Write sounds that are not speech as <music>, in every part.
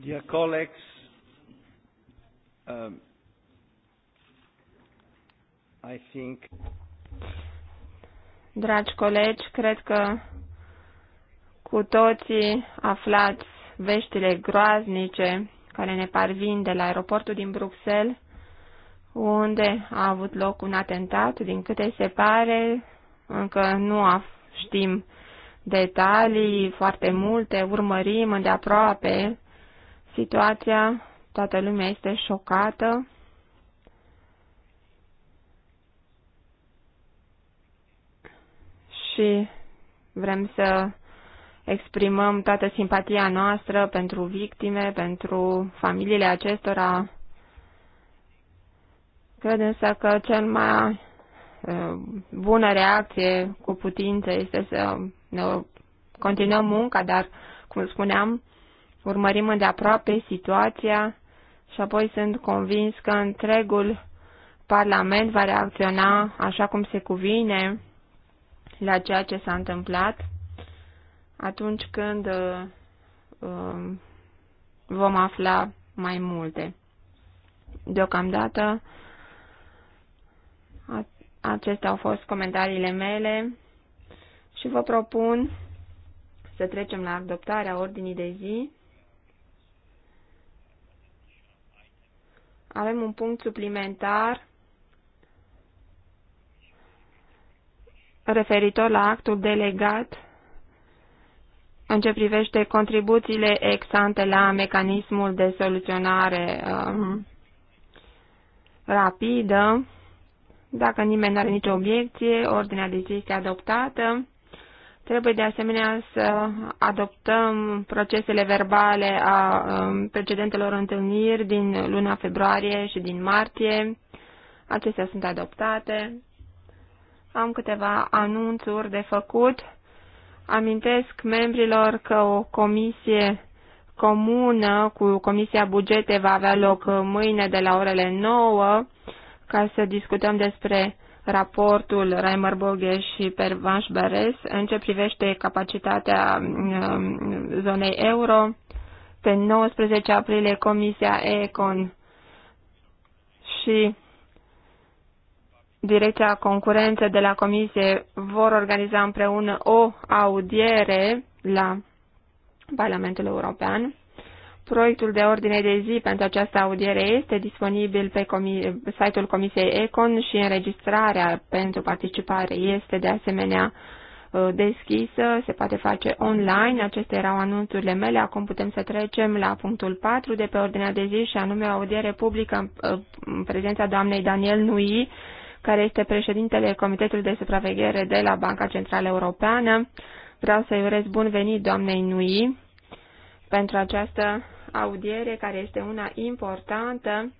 Dear colleagues, um, I think... Dragi colegi, cred că cu toții aflați veștile groaznice care ne parvin de la aeroportul din Bruxelles, unde a avut loc un atentat, din câte se pare, încă nu știm detalii foarte multe, urmărim îndeaproape situația, toată lumea este șocată. Și vrem să exprimăm toată simpatia noastră pentru victime, pentru familiile acestora. Cred însă că cel mai ă, bună reacție cu putință este să ne continuăm munca, dar, cum spuneam, urmărim îndeaproape situația și apoi sunt convins că întregul Parlament va reacționa așa cum se cuvine la ceea ce s-a întâmplat atunci când uh, vom afla mai multe. Deocamdată, acestea au fost comentariile mele și vă propun să trecem la adoptarea ordinii de zi. Avem un punct suplimentar referitor la actul delegat în ce privește contribuțiile exante la mecanismul de soluționare um, rapidă. Dacă nimeni nu are nicio obiecție, ordinea de zi este adoptată. Trebuie de asemenea să adoptăm procesele verbale a um, precedentelor întâlniri din luna februarie și din martie. Acestea sunt adoptate. Am câteva anunțuri de făcut. Amintesc membrilor că o comisie comună cu Comisia Bugete va avea loc mâine de la orele 9 ca să discutăm despre raportul Reimer Boghe și Pervanș Beres în ce privește capacitatea um, zonei euro. Pe 19 aprilie Comisia ECON și Direcția Concurență de la Comisie vor organiza împreună o audiere la Parlamentul European Proiectul de ordine de zi pentru această audiere este disponibil pe comi site-ul Comisiei Econ și înregistrarea pentru participare este de asemenea uh, deschisă, se poate face online. Acestea erau anunțurile mele. Acum putem să trecem la punctul 4 de pe ordinea de zi și anume audiere publică uh, în prezența doamnei Daniel Nui, care este președintele Comitetului de Supraveghere de la Banca Centrală Europeană. Vreau să-i urez bun venit doamnei Nui pentru această audiere care este una importantă,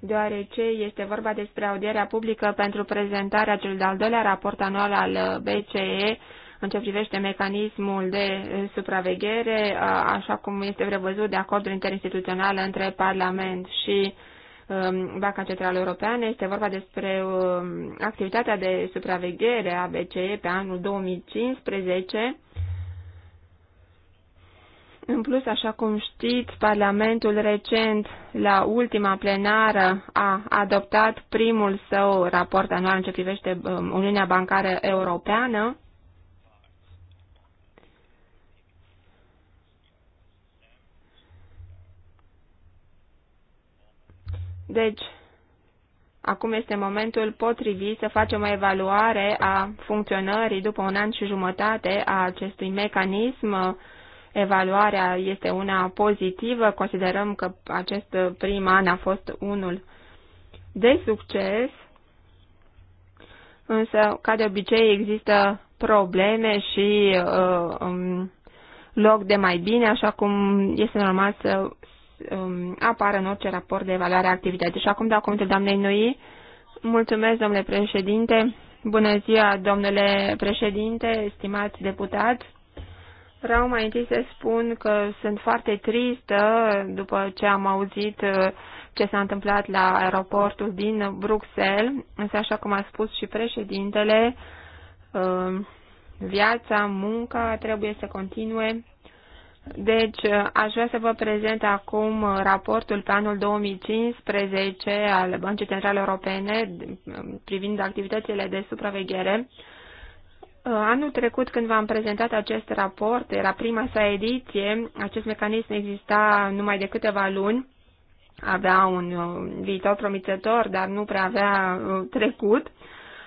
deoarece este vorba despre audierea publică pentru prezentarea celui de-al doilea raport anual al BCE în ce privește mecanismul de supraveghere, așa cum este prevăzut de acordul interinstituțional între Parlament și um, Banca Centrală Europeană. Este vorba despre um, activitatea de supraveghere a BCE pe anul 2015 în plus, așa cum știți, Parlamentul recent, la ultima plenară, a adoptat primul său raport anual în ce privește um, Uniunea Bancară Europeană. Deci, acum este momentul potrivit să facem o evaluare a funcționării după un an și jumătate a acestui mecanism evaluarea este una pozitivă. Considerăm că acest prim an a fost unul de succes, însă, ca de obicei, există probleme și uh, um, loc de mai bine, așa cum este normal să um, apară în orice raport de evaluare a activității. Și acum dau cuvântul doamnei Nui. Mulțumesc, domnule președinte. Bună ziua, domnule președinte, stimați deputați. Vreau mai întâi să spun că sunt foarte tristă după ce am auzit uh, ce s-a întâmplat la aeroportul din Bruxelles, însă așa cum a spus și președintele, uh, viața, munca trebuie să continue. Deci, uh, aș vrea să vă prezent acum raportul pe anul 2015 al Băncii Centrale Europene privind activitățile de supraveghere Uh, anul trecut, când v-am prezentat acest raport, era prima sa ediție, acest mecanism exista numai de câteva luni, avea un viitor promițător, dar nu prea avea uh, trecut.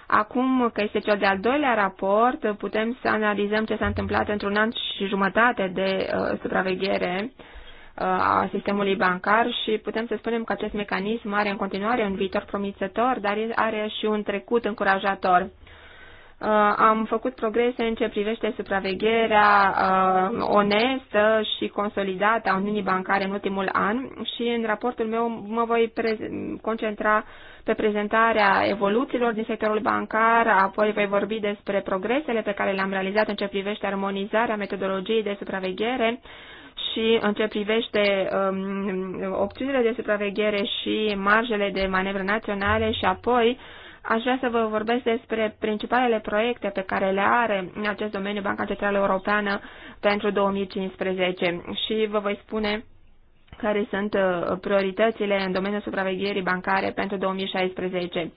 Acum că este cel de-al doilea raport, putem să analizăm ce s-a întâmplat într-un an și jumătate de uh, supraveghere uh, a sistemului bancar și putem să spunem că acest mecanism are în continuare un viitor promițător, dar are și un trecut încurajator. Uh, am făcut progrese în ce privește supravegherea uh, onestă și consolidată a Uniunii Bancare în ultimul an și în raportul meu mă voi concentra pe prezentarea evoluțiilor din sectorul bancar, apoi voi vorbi despre progresele pe care le-am realizat în ce privește armonizarea metodologiei de supraveghere și în ce privește um, opțiunile de supraveghere și marjele de manevră naționale și apoi uh, Aș vrea să vă vorbesc despre principalele proiecte pe care le are în acest domeniu Banca Centrală Europeană pentru 2015 și vă voi spune care sunt uh, prioritățile în domeniul supravegherii bancare pentru 2016.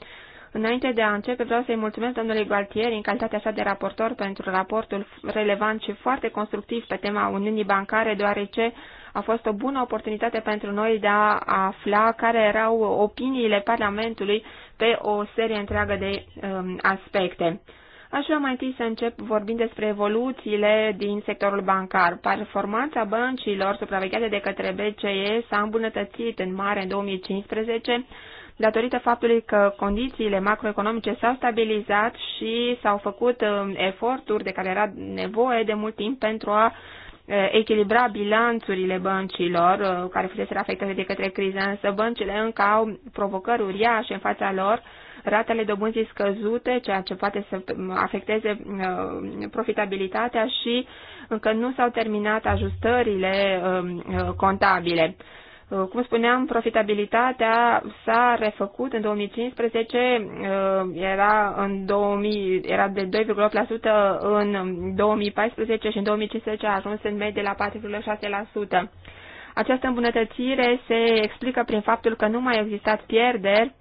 Înainte de a începe, vreau să-i mulțumesc domnului Gualtieri în calitatea sa de raportor pentru raportul relevant și foarte constructiv pe tema Uniunii Bancare, deoarece a fost o bună oportunitate pentru noi de a afla care erau opiniile Parlamentului pe o serie întreagă de um, aspecte. Aș vrea mai întâi să încep vorbind despre evoluțiile din sectorul bancar. Performanța băncilor supravegheate de către BCE s-a îmbunătățit în mare în 2015 datorită faptului că condițiile macroeconomice s-au stabilizat și s-au făcut um, eforturi de care era nevoie de mult timp pentru a Eh, echilibra bilanțurile băncilor eh, care fuseseră afectate de către criză, însă băncile încă au provocări uriașe în fața lor, ratele dobânzii scăzute, ceea ce poate să afecteze eh, profitabilitatea și încă nu s-au terminat ajustările contabile. Uh, cum spuneam, profitabilitatea s-a refăcut în 2015, uh, era, în 2000, era de 2,8% în 2014 și în 2015 a ajuns în medie la 4,6%. Această îmbunătățire se explică prin faptul că nu mai au existat pierderi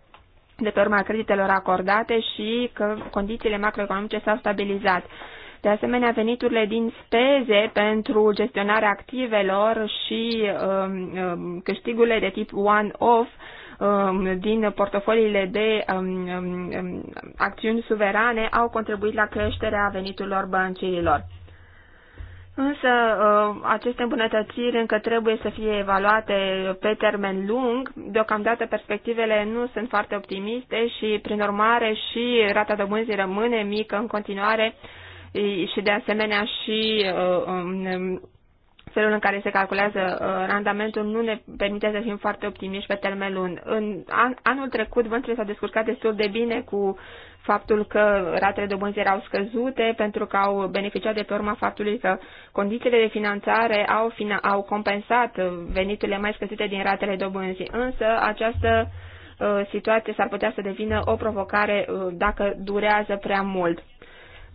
de pe urma creditelor acordate și că condițiile macroeconomice s-au stabilizat. De asemenea, veniturile din speze pentru gestionarea activelor și um, um, câștigurile de tip one-off um, din portofoliile de um, um, um acțiuni suverane au contribuit la creșterea veniturilor băncilor. Însă uh, aceste îmbunătățiri încă trebuie să fie evaluate pe termen lung. Deocamdată perspectivele nu sunt foarte optimiste și, prin urmare, și rata dobânzii rămâne mică în continuare și de asemenea și uh, um, felul în care se calculează uh, randamentul nu ne permite să fim foarte optimiști pe termen lung. În anul trecut vântul s-au descurcat destul de bine cu faptul că ratele dobânzii erau scăzute pentru că au beneficiat de pe urma faptului că condițiile de finanțare au, au compensat veniturile mai scăzute din ratele dobânzii. Însă această uh, situație s-ar putea să devină o provocare dacă durează prea mult.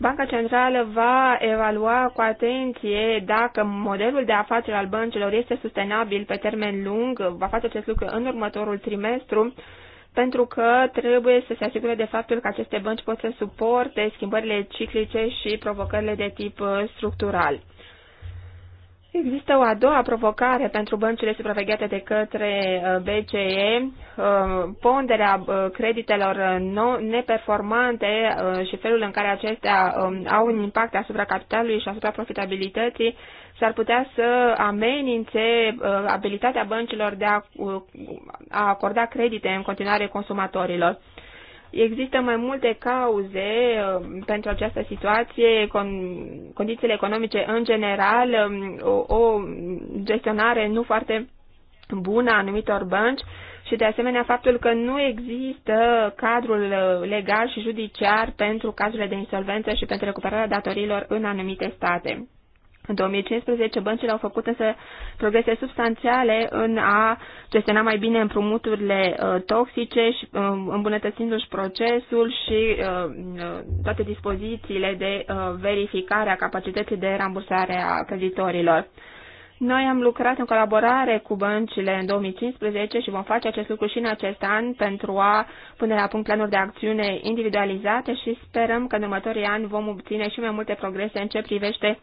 Banca Centrală va evalua cu atenție dacă modelul de afaceri al băncilor este sustenabil pe termen lung, va face acest lucru în următorul trimestru, pentru că trebuie să se asigure de faptul că aceste bănci pot să suporte schimbările ciclice și provocările de tip uh, structural. Există o a doua provocare pentru băncile supravegheate de către uh, BCE, uh, ponderea uh, creditelor neperformante și felul în care acestea um, au un impact asupra capitalului și asupra profitabilității s-ar putea să amenințe abilitatea băncilor de a acorda credite în continuare consumatorilor. Există mai multe cauze um, pentru această situație, con- condițiile economice în general, um, o, o gestionare nu foarte bună a anumitor bănci și de asemenea faptul că nu există cadrul uh, legal și judiciar pentru cazurile de insolvență și pentru recuperarea datoriilor în anumite state. În 2015, băncile au făcut însă progrese substanțiale în a gestiona mai bine împrumuturile uh, toxice, și, uh, îmbunătățindu-și procesul și uh, uh toate dispozițiile de uh, verificare a capacității de rambursare a creditorilor. Noi am lucrat în colaborare cu băncile în 2015 și vom face acest lucru și în acest an pentru a pune la punct planuri de acțiune individualizate și sperăm că în următorii ani vom obține și mai multe progrese în ce privește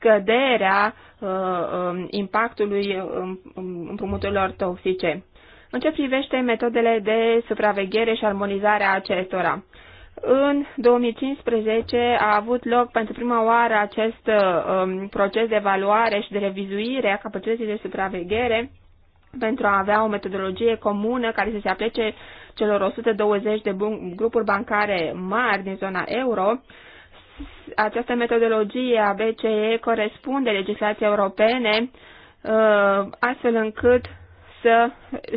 scăderea uh, um, impactului um, um, împrumuturilor toxice. În ce privește metodele de supraveghere și a acestora? În 2015 a avut loc pentru prima oară acest uh, um, proces de evaluare și de revizuire a capacității de supraveghere pentru a avea o metodologie comună care să se aplice celor 120 de grupuri bancare mari din zona euro această metodologie a BCE corespunde legislației europene, uh, astfel încât să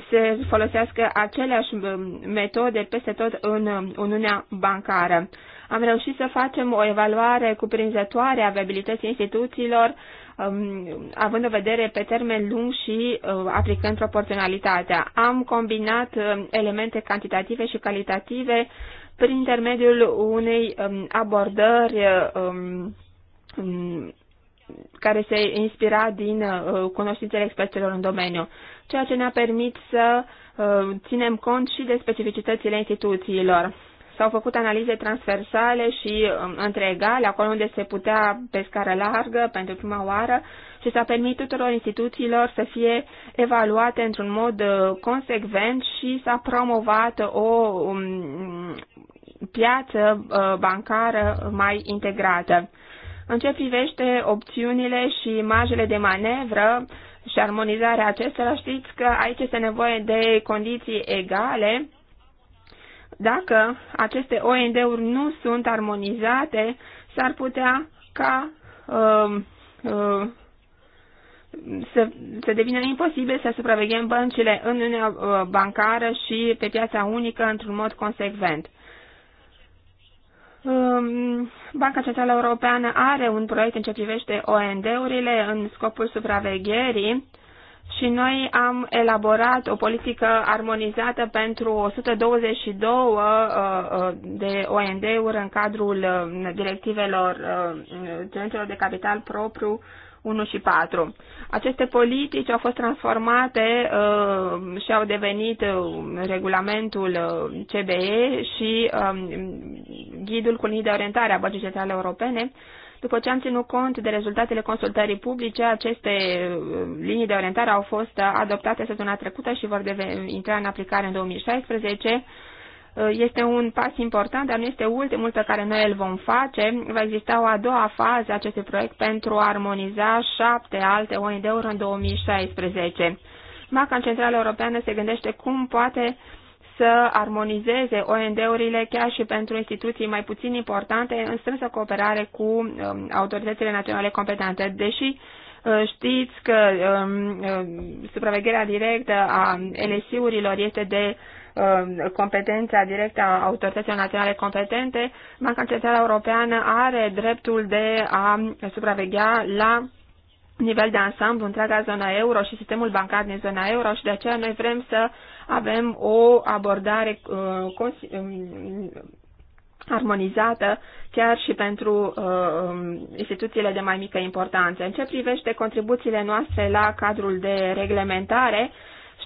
se folosească aceleași um, metode peste tot în um, Uniunea Bancară. Am reușit să facem o evaluare cuprinzătoare a viabilității instituțiilor, um, având în vedere pe termen lung și uh, aplicând proporționalitatea. Am combinat elemente cantitative și calitative prin intermediul unei um, abordări um, um, care se inspira din uh, cunoștințele experților în domeniu, ceea ce ne-a permis să uh, ținem cont și de specificitățile instituțiilor. S-au făcut analize transversale și um, între egale, acolo unde se putea pe scară largă pentru prima oară, uh, și să permit tuturor instituțiilor să fie evaluate într-un mod uh, consecvent și s-a promovat o um, piață uh, bancară mai integrată. În ce privește opțiunile și marjele de manevră și armonizarea acestora, știți că aici este nevoie de condiții egale. Dacă aceste OND-uri nu sunt armonizate, s-ar putea ca uh, uh, să, să devină imposibil să supraveghem băncile în Uniunea uh, Bancară și pe piața unică într-un mod consecvent. Um, Banca Centrală Europeană are un proiect în ce privește OND-urile în scopul supravegherii și noi am elaborat o politică armonizată pentru 122 uh, uh, de OND-uri în cadrul directivelor centrelor de capital propriu 1 și 4. Aceste politici au fost transformate uh, și au devenit uh, regulamentul uh, CBE și uh, ghidul cu linii de orientare a Băncii Centrale Europene. După ce am ținut cont de rezultatele consultării publice, aceste uh, linii de orientare au fost adoptate săptămâna trecută și vor intra în aplicare în 2016 Uh, este un pas important, dar nu este ultimul pe care noi îl vom face. Va exista o a doua fază a acestui proiect pentru a armoniza șapte alte ONG-uri în 2016. Banca Centrală Europeană se gândește cum poate să armonizeze ONG-urile chiar și pentru instituții mai puțin importante în strânsă cooperare cu um, autoritățile naționale competente. Deși uh, știți că um, uh, supravegherea directă a LSI-urilor este de Um, competența directă a autorităților naționale competente, Banca Centrală Europeană are dreptul de a supraveghea la nivel de ansamblu întreaga zona euro și sistemul bancar din zona euro și de aceea noi vrem să avem o abordare uh, um, armonizată chiar și pentru uh, um, instituțiile de mai mică importanță. În ce privește contribuțiile noastre la cadrul de reglementare, uh,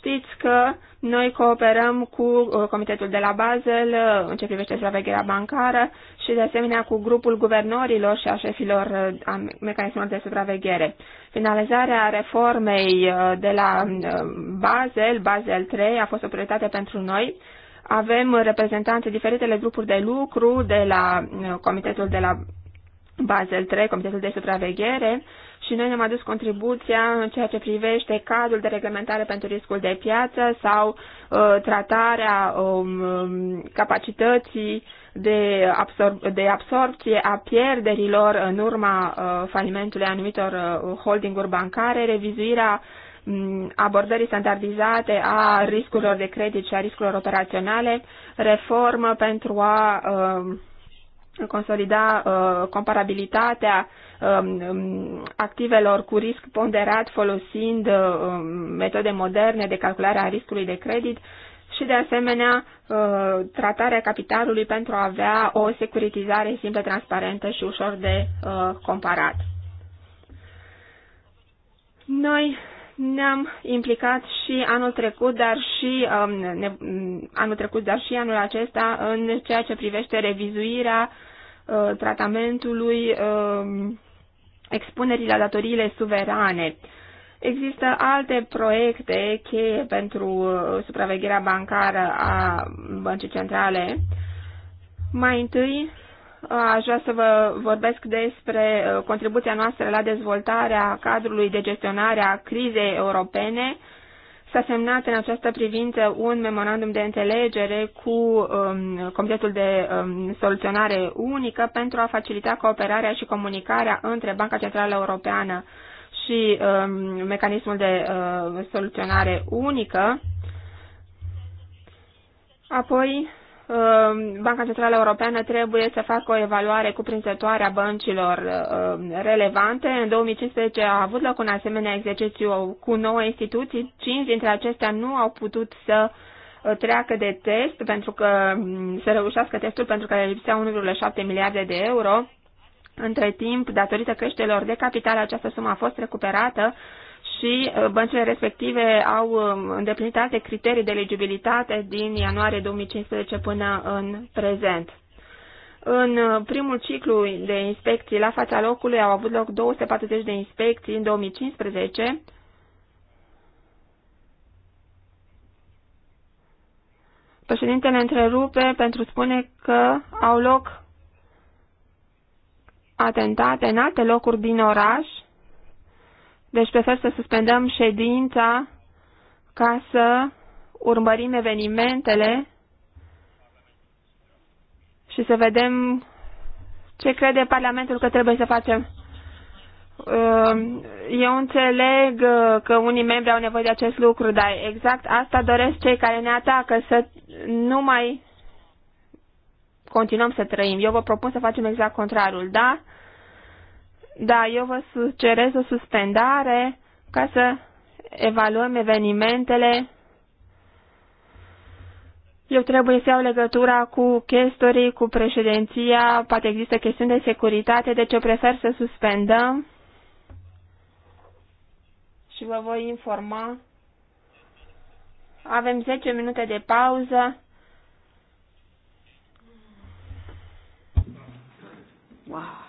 Știți că noi cooperăm cu uh, Comitetul de la Basel uh, în ce privește supravegherea bancară și de asemenea cu grupul guvernorilor și a șefilor uh, a mecanismelor de supraveghere. Finalizarea reformei de la Basel, Basel 3, a fost o prioritate pentru noi. Avem reprezentanți diferitele grupuri de lucru de la Comitetul de la Basel 3, Comitetul de Supraveghere, și noi ne-am adus contribuția în ceea ce privește cadrul de reglementare pentru riscul de piață sau uh, tratarea um, um capacității de, absor- de absorpție a pierderilor în urma uh, falimentului anumitor uh, holdinguri bancare, revizuirea mm, abordării standardizate a riscurilor de credit și a riscurilor operaționale, reformă pentru a uh, consolida uh, comparabilitatea um, um, activelor cu risc ponderat folosind uh, um, metode moderne de calculare a riscului de credit și, de asemenea, uh, tratarea capitalului pentru a avea o securitizare simplă, transparentă și ușor de uh, comparat. Noi ne-am implicat și anul trecut, dar și um, ne, anul trecut, dar și anul acesta în ceea ce privește revizuirea Uh, tratamentului um, expunerii la datoriile suverane. Există alte proiecte cheie pentru uh, supravegherea bancară a băncii centrale. Mai întâi, uh, aș vrea să vă vorbesc despre contribuția noastră la dezvoltarea cadrului de gestionare a crizei europene S-a semnat în această privință un memorandum de înțelegere cu um, Comitetul de um, Soluționare Unică pentru a facilita cooperarea și comunicarea între Banca Centrală Europeană și um, Mecanismul de uh, Soluționare Unică. Apoi Um, Banca Centrală Europeană trebuie să facă o evaluare cuprinzătoare a băncilor um, relevante. În 2015 a avut loc un asemenea exercițiu cu nouă instituții. Cinci dintre acestea nu au putut să uh, treacă de test pentru că um, să reușească testul pentru că le lipsea 1,7 miliarde de euro. Între timp, datorită creșterilor de capital, această sumă a fost recuperată și uh, băncile respective au um, îndeplinit alte criterii de legibilitate din ianuarie 2015 până în prezent. În uh, primul ciclu de inspecții la fața locului au avut loc 240 de inspecții în 2015, Președintele întrerupe pentru spune că au loc atentate în alte locuri din oraș deci prefer să suspendăm ședința ca să urmărim evenimentele și să vedem ce crede Parlamentul că trebuie să facem. Ehm, eu înțeleg uh, că unii membri au nevoie de acest lucru, dar exact asta doresc cei care ne atacă, să nu mai continuăm să trăim. Eu vă propun să facem exact contrarul, da? Da, eu vă sugerez o suspendare ca să evaluăm evenimentele. Eu trebuie să iau legătura cu chestorii, cu președinția, poate există chestiuni de securitate, deci eu prefer să suspendăm și vă voi informa. Avem 10 minute de pauză. Wow.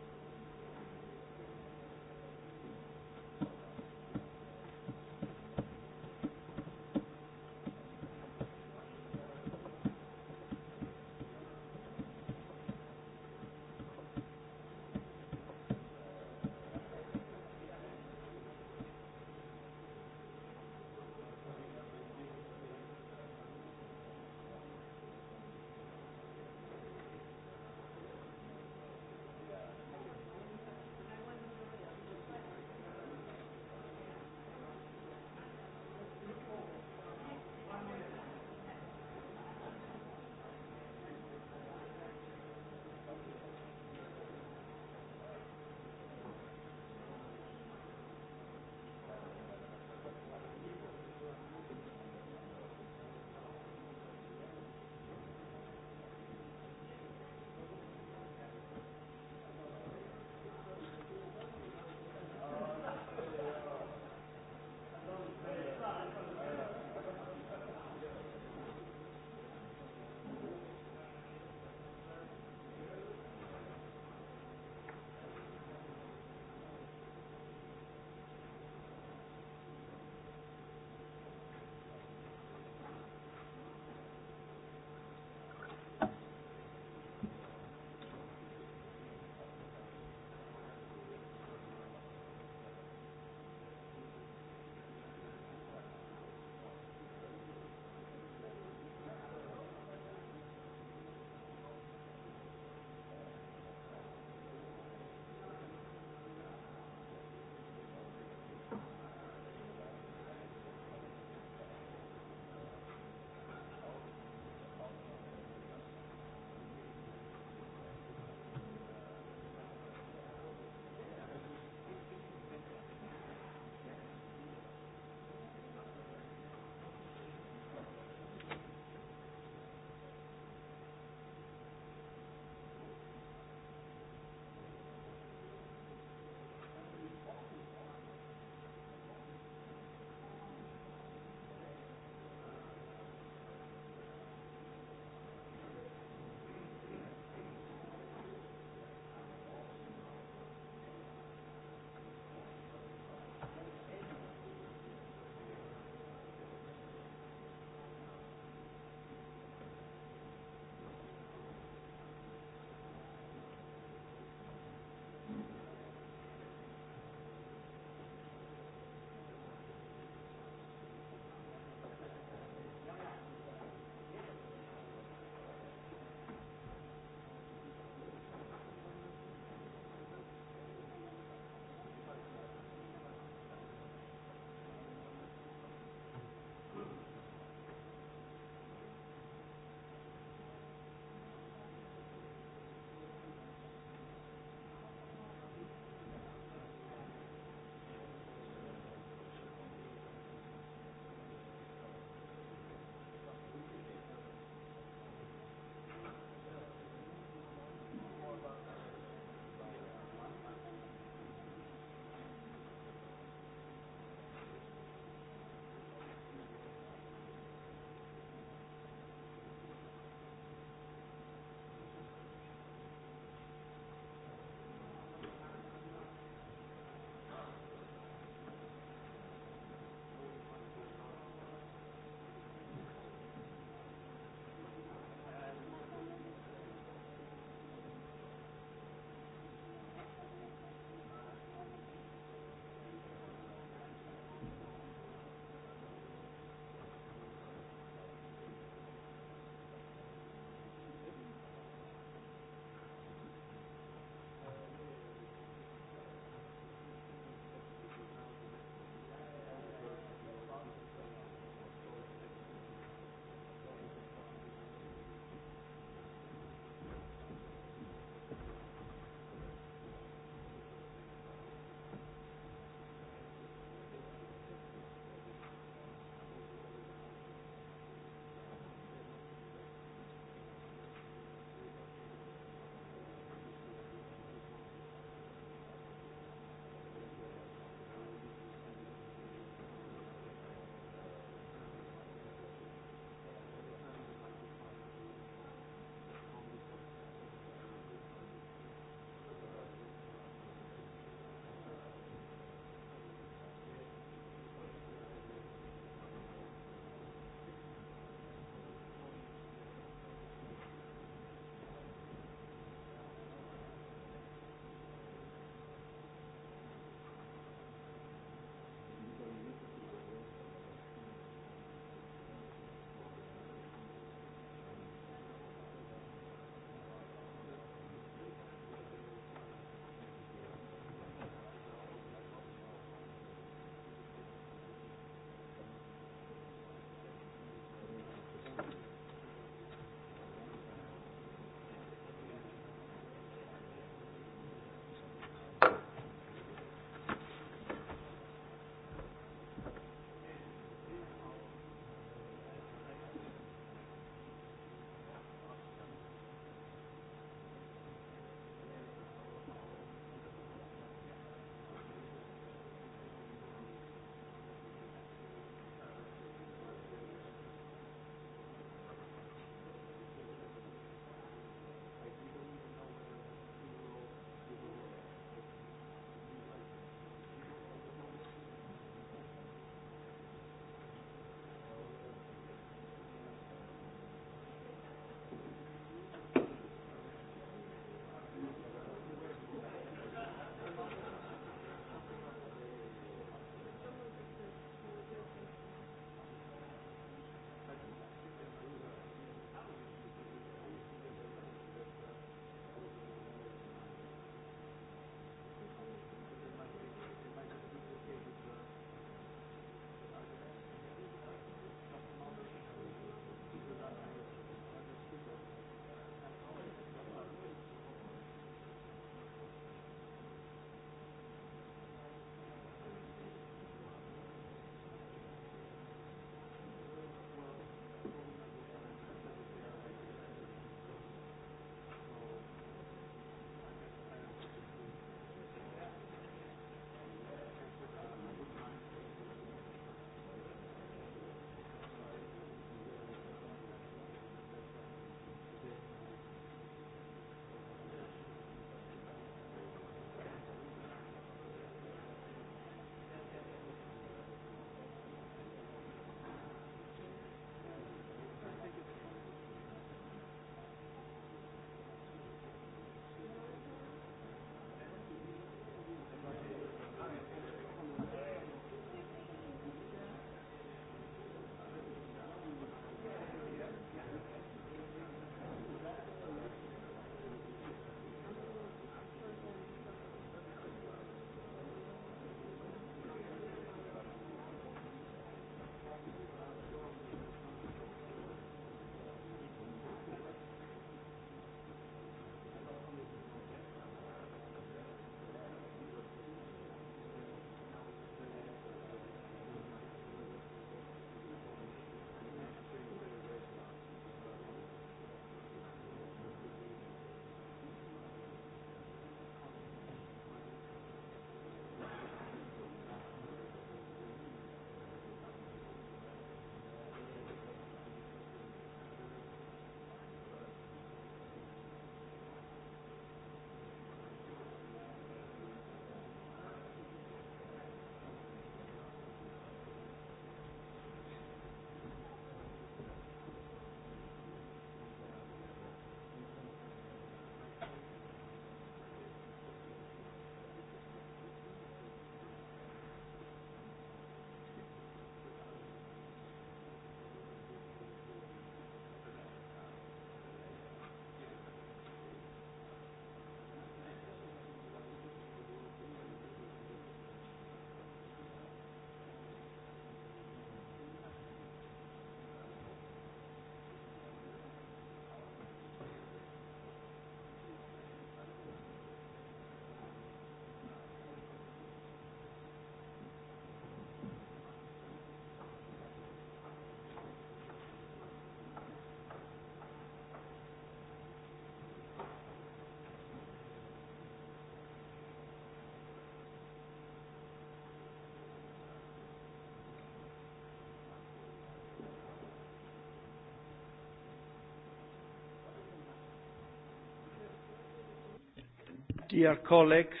Dear colleagues,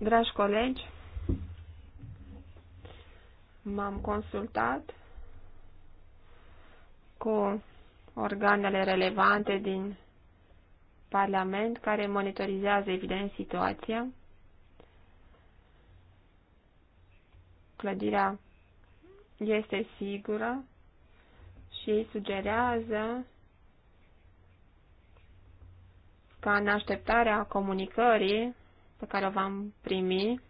Dragi colegi, m-am consultat cu organele relevante din Parlament care monitorizează evident situația. Clădirea este sigură și ei sugerează ca în așteptarea comunicării pe care o vom primi,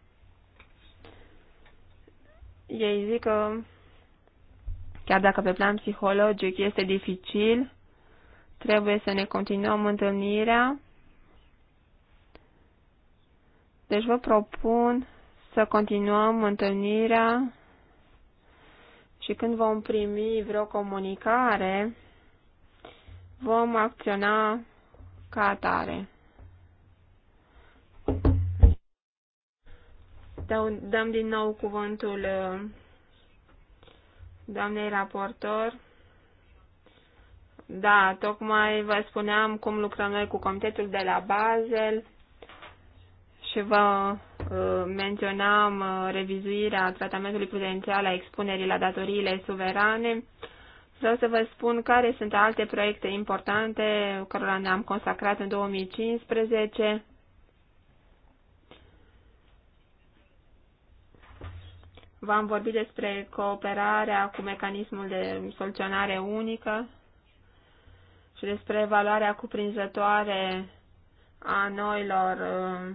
ei zic că chiar dacă pe plan psihologic este dificil, trebuie să ne continuăm întâlnirea. Deci vă propun să continuăm întâlnirea și când vom primi vreo comunicare, vom acționa ca atare. Dăm din nou cuvântul uh, doamnei raportor. Da, tocmai vă spuneam cum lucrăm noi cu comitetul de la Basel și vă uh, menționam uh, revizuirea tratamentului prudențial a expunerii la datoriile suverane. Vreau să vă spun care sunt alte proiecte importante cărora ne-am consacrat în 2015. V-am vorbit despre cooperarea cu mecanismul de soluționare unică și despre evaluarea cuprinzătoare a noilor uh,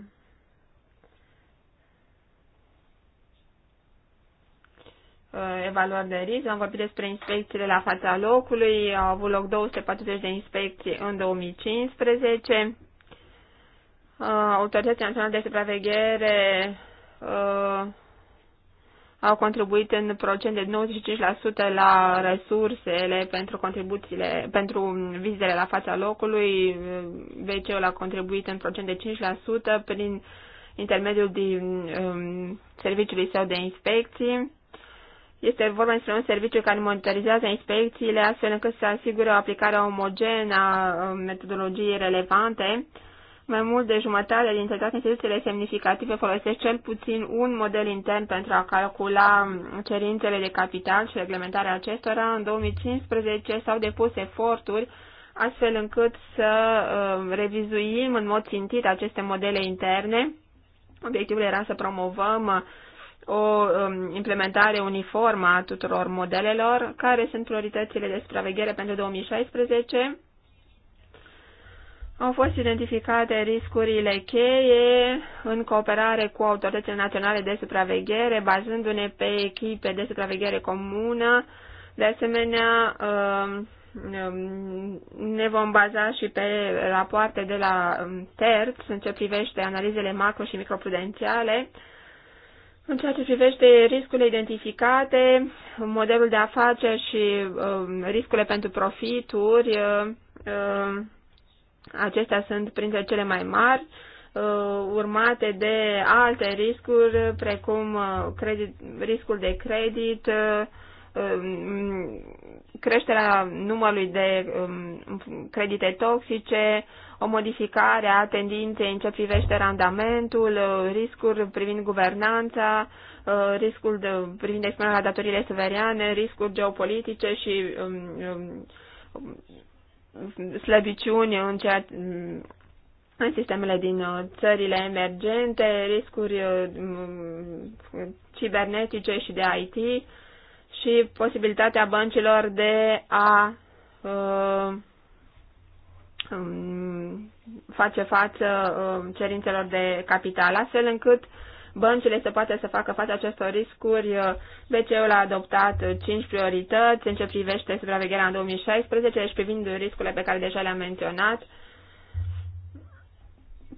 Uh, evaluări de risc, am vorbit despre inspecțiile la fața locului, au avut loc 240 de inspecții în 2015. Autoritatea Națională de Supraveghere uh, au contribuit în procent de 95% la resursele pentru contribuțiile, pentru vizitele la fața locului. VCE-ul uh, a contribuit în procent de 5% prin intermediul din, um, serviciului său de inspecții. Este vorba despre un serviciu care monitorizează inspecțiile astfel încât să asigure o aplicare omogenă a metodologiei relevante. Mai mult de jumătate dintre toate instituțiile semnificative folosesc cel puțin un model intern pentru a calcula cerințele de capital și reglementarea acestora. În 2015 s-au depus eforturi astfel încât să revizuim în mod țintit aceste modele interne. Obiectivul era să promovăm o um, implementare uniformă a tuturor modelelor, care sunt prioritățile de supraveghere pentru 2016. Au fost identificate riscurile cheie în cooperare cu autoritățile naționale de supraveghere, bazându-ne pe echipe de supraveghere comună. De asemenea, um, um, ne vom baza și pe rapoarte de la terți în ce privește analizele macro și microprudențiale în ceea ce privește riscurile identificate, modelul de afaceri și uh, riscurile pentru profituri, uh, uh, acestea sunt printre cele mai mari, uh, urmate de alte riscuri, precum uh, credit, riscul de credit, uh, um, creșterea numărului de um, credite toxice, o modificare a tendinței în ce privește randamentul, uh, riscuri privind guvernanța, uh, riscul de, privind expunerea datoriile datorile riscuri geopolitice și um, um, um slăbiciuni în ceea mm, în sistemele din uh, țările emergente, riscuri mm, cibernetice și de IT și posibilitatea băncilor de a uh, face față um, cerințelor de capital, astfel încât băncile să poată să facă față acestor riscuri. BCE-ul a adoptat cinci priorități în ce privește supravegherea în 2016, deci privind riscurile pe care deja le-am menționat,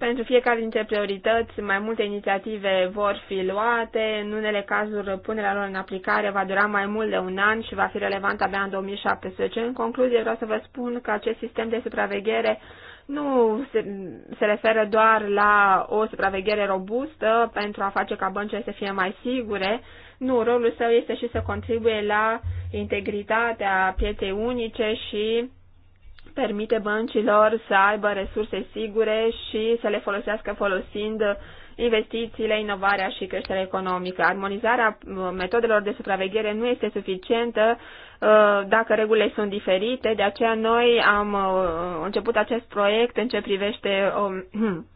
pentru fiecare dintre priorități, mai multe inițiative vor fi luate. În unele cazuri, punerea lor în aplicare va dura mai mult de un an și va fi relevant abia în 2017. În concluzie, vreau să vă spun că acest sistem de supraveghere nu se, se referă doar la o supraveghere robustă pentru a face ca băncile să fie mai sigure. Nu, rolul său este și să contribuie la integritatea pieței unice și permite băncilor să aibă resurse sigure și să le folosească folosind investițiile, inovarea și creșterea economică. Armonizarea uh, metodelor de supraveghere nu este suficientă uh, dacă regulile sunt diferite, de aceea noi am uh, început acest proiect în ce privește um,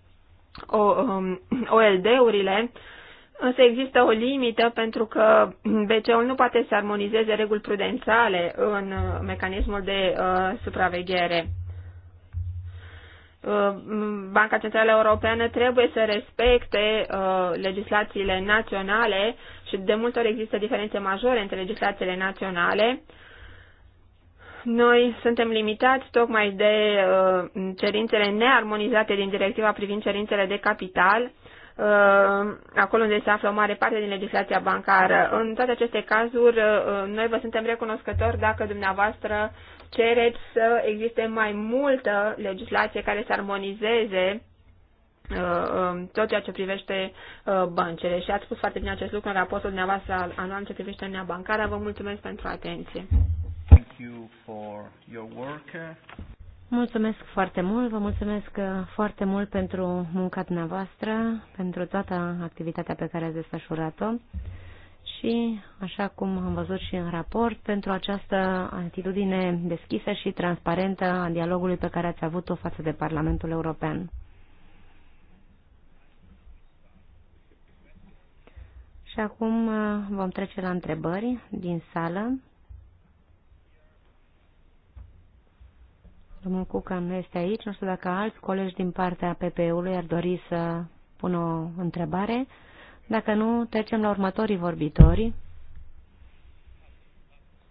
OLD-urile <clears throat> <clears throat> Însă există o limită pentru că BCE-ul nu poate să armonizeze reguli prudențiale în uh, mecanismul de uh, supraveghere. Uh, Banca Centrală Europeană trebuie să respecte uh, legislațiile naționale și de multe ori există diferențe majore între legislațiile naționale. Noi suntem limitați tocmai de uh, cerințele nearmonizate din directiva privind cerințele de capital, Uh, acolo unde se află o mare parte din legislația bancară. În toate aceste cazuri, uh, uh, noi vă suntem recunoscători dacă dumneavoastră cereți să existe mai multă legislație care să armonizeze um, tot ceea ce privește băncile. Și ați spus foarte bine acest lucru în raportul dumneavoastră anual ce privește Uniunea Bancară. Vă mulțumesc pentru atenție. Thank you for your work. Mulțumesc foarte mult, vă mulțumesc uh, foarte mult pentru munca dumneavoastră, pentru toată activitatea pe care ați desfășurat-o și, așa cum am văzut și în raport, pentru această atitudine deschisă și transparentă a dialogului pe care ați avut-o față de Parlamentul European. Și acum uh, vom trece la întrebări din sală. Domnul Cucan nu este aici. Nu știu dacă alți colegi din partea PPE-ului ar dori să pună o întrebare. Dacă nu, trecem la următorii vorbitori.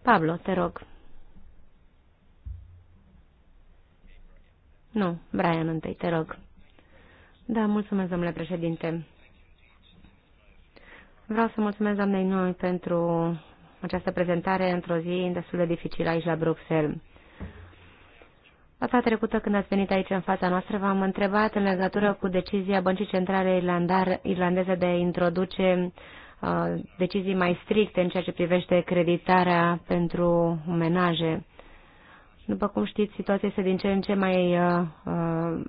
Pablo, te rog. Nu, Brian întâi, te rog. Da, mulțumesc, domnule președinte. Vreau să mulțumesc doamnei noi pentru această prezentare într-o zi destul de dificilă aici la Bruxelles. Data trecută când ați venit aici în fața noastră, v-am întrebat în legătură cu decizia Băncii Centrale Irlandeze de a introduce uh, decizii mai stricte în ceea ce privește creditarea pentru menaje. După cum știți, situația este din ce în ce mai uh, uh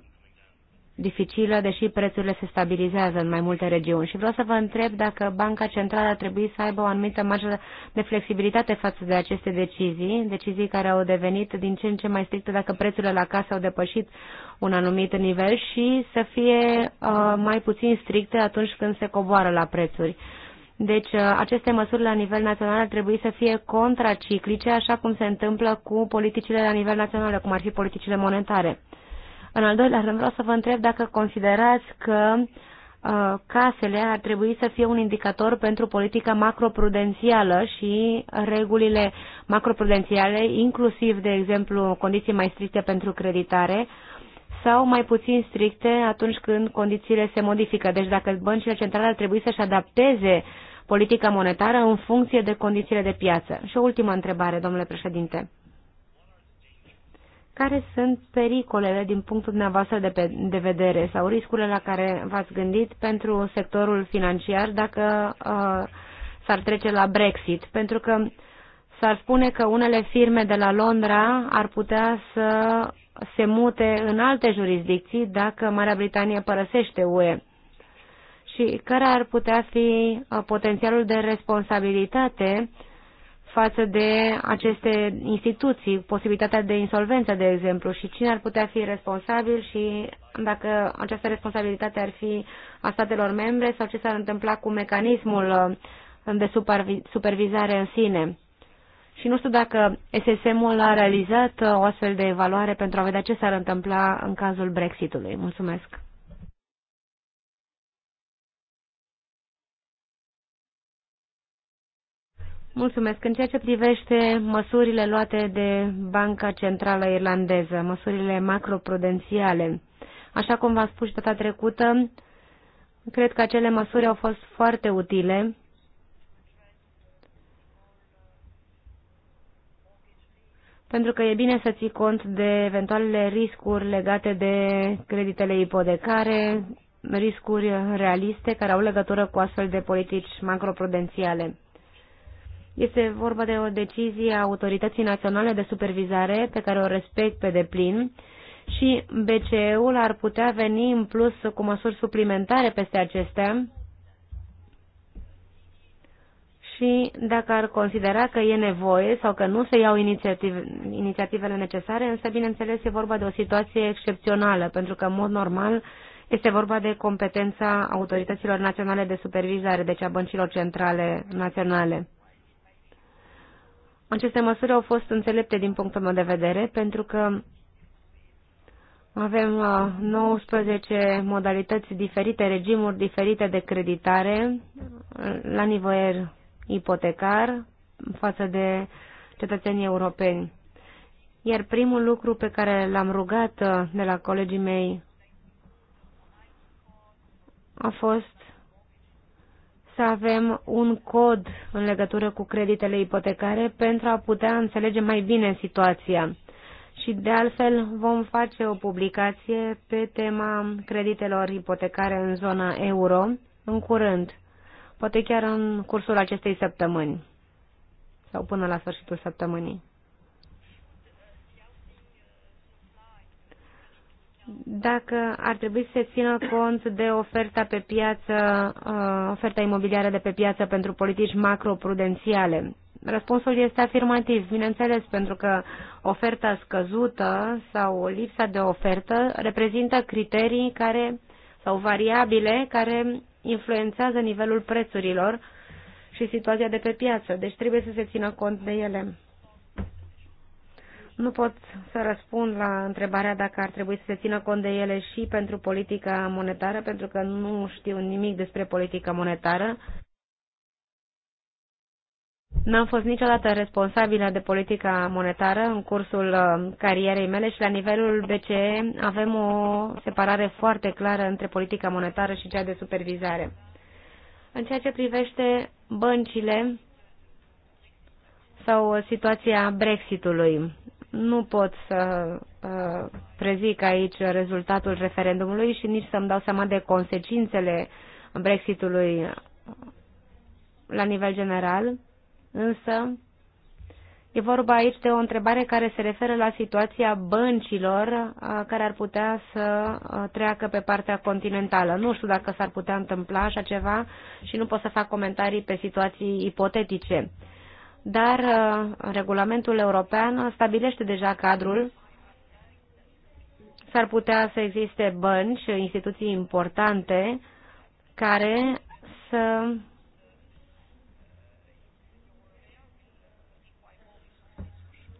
dificilă, deși prețurile se stabilizează în mai multe regiuni. Și vreau să vă întreb dacă Banca Centrală ar trebui să aibă o anumită marjă de flexibilitate față de aceste decizii, decizii care au devenit din ce în ce mai stricte dacă prețurile la casă au depășit un anumit nivel și să fie uh, mai puțin stricte atunci când se coboară la prețuri. Deci uh, aceste măsuri la nivel național ar trebui să fie contraciclice, așa cum se întâmplă cu politicile la nivel național, cum ar fi politicile monetare. În al doilea rând, vreau să vă întreb dacă considerați că uh, casele ar trebui să fie un indicator pentru politica macroprudențială și regulile macroprudențiale, inclusiv, de exemplu, condiții mai stricte pentru creditare, sau mai puțin stricte atunci când condițiile se modifică. Deci dacă băncile centrale ar trebui să-și adapteze politica monetară în funcție de condițiile de piață. Și o ultimă întrebare, domnule președinte care sunt pericolele din punctul dumneavoastră de, pe, de vedere sau riscurile la care v-ați gândit pentru sectorul financiar dacă uh, s-ar trece la Brexit? Pentru că s-ar spune că unele firme de la Londra ar putea să se mute în alte jurisdicții dacă Marea Britanie părăsește UE. Și care ar putea fi uh, potențialul de responsabilitate uh, față de aceste instituții, posibilitatea de insolvență, de exemplu, și cine ar putea fi responsabil și dacă această responsabilitate ar fi a statelor membre sau ce s-ar întâmpla cu mecanismul uh, de supervizare în sine. Și nu știu dacă SSM-ul a realizat uh, o astfel de evaluare pentru a vedea ce s-ar întâmpla în cazul Brexitului. Mulțumesc. Mulțumesc. În ceea ce privește măsurile luate de Banca Centrală Irlandeză, măsurile macroprudențiale, așa cum v-am spus data trecută, cred că acele măsuri au fost foarte utile pentru că e bine să ții cont de eventualele riscuri legate de creditele ipotecare, riscuri realiste care au legătură cu astfel de politici macroprudențiale. Este vorba de o decizie a Autorității Naționale de Supervizare pe care o respect pe deplin și BCE-ul ar putea veni în plus cu măsuri suplimentare peste acestea și dacă ar considera că e nevoie sau că nu se iau inițiative, inițiativele necesare, însă, bineînțeles, e vorba de o situație excepțională, pentru că, în mod normal, este vorba de competența autorităților naționale de supervizare, deci a băncilor centrale naționale. Aceste măsuri au fost înțelepte din punctul meu de vedere, pentru că avem 19 uh, modalități diferite, regimuri diferite de creditare uh, la nivel ipotecar față de cetățenii europeni. Iar primul lucru pe care l-am rugat uh, de la colegii mei a fost să avem un cod în legătură cu creditele ipotecare pentru a putea înțelege mai bine situația. Și de altfel vom face o publicație pe tema creditelor ipotecare în zona euro în curând, poate chiar în cursul acestei săptămâni sau până la sfârșitul săptămânii. dacă ar trebui să se țină cont de oferta pe piață, uh, oferta imobiliară de pe piață pentru politici macroprudențiale. Răspunsul este afirmativ, bineînțeles, pentru că oferta scăzută sau lipsa de ofertă reprezintă criterii care sau variabile care influențează nivelul prețurilor și situația de pe piață, deci trebuie să se țină cont de ele. Nu pot să răspund la întrebarea dacă ar trebui să se țină cont de ele și pentru politica monetară, pentru că nu știu nimic despre politica monetară. N-am fost niciodată responsabilă de politica monetară în cursul uh, carierei mele și la nivelul BCE avem o separare foarte clară între politica monetară și cea de supervizare. În ceea ce privește băncile sau situația Brexitului, nu pot să uh, prezic aici rezultatul referendumului și nici să-mi dau seama de consecințele Brexitului la nivel general, însă e vorba aici de o întrebare care se referă la situația băncilor uh, care ar putea să uh, treacă pe partea continentală. Nu știu dacă s-ar putea întâmpla așa ceva și nu pot să fac comentarii pe situații ipotetice. Uh, dar uh, regulamentul european stabilește deja cadrul. S-ar putea să existe bănci, instituții importante care să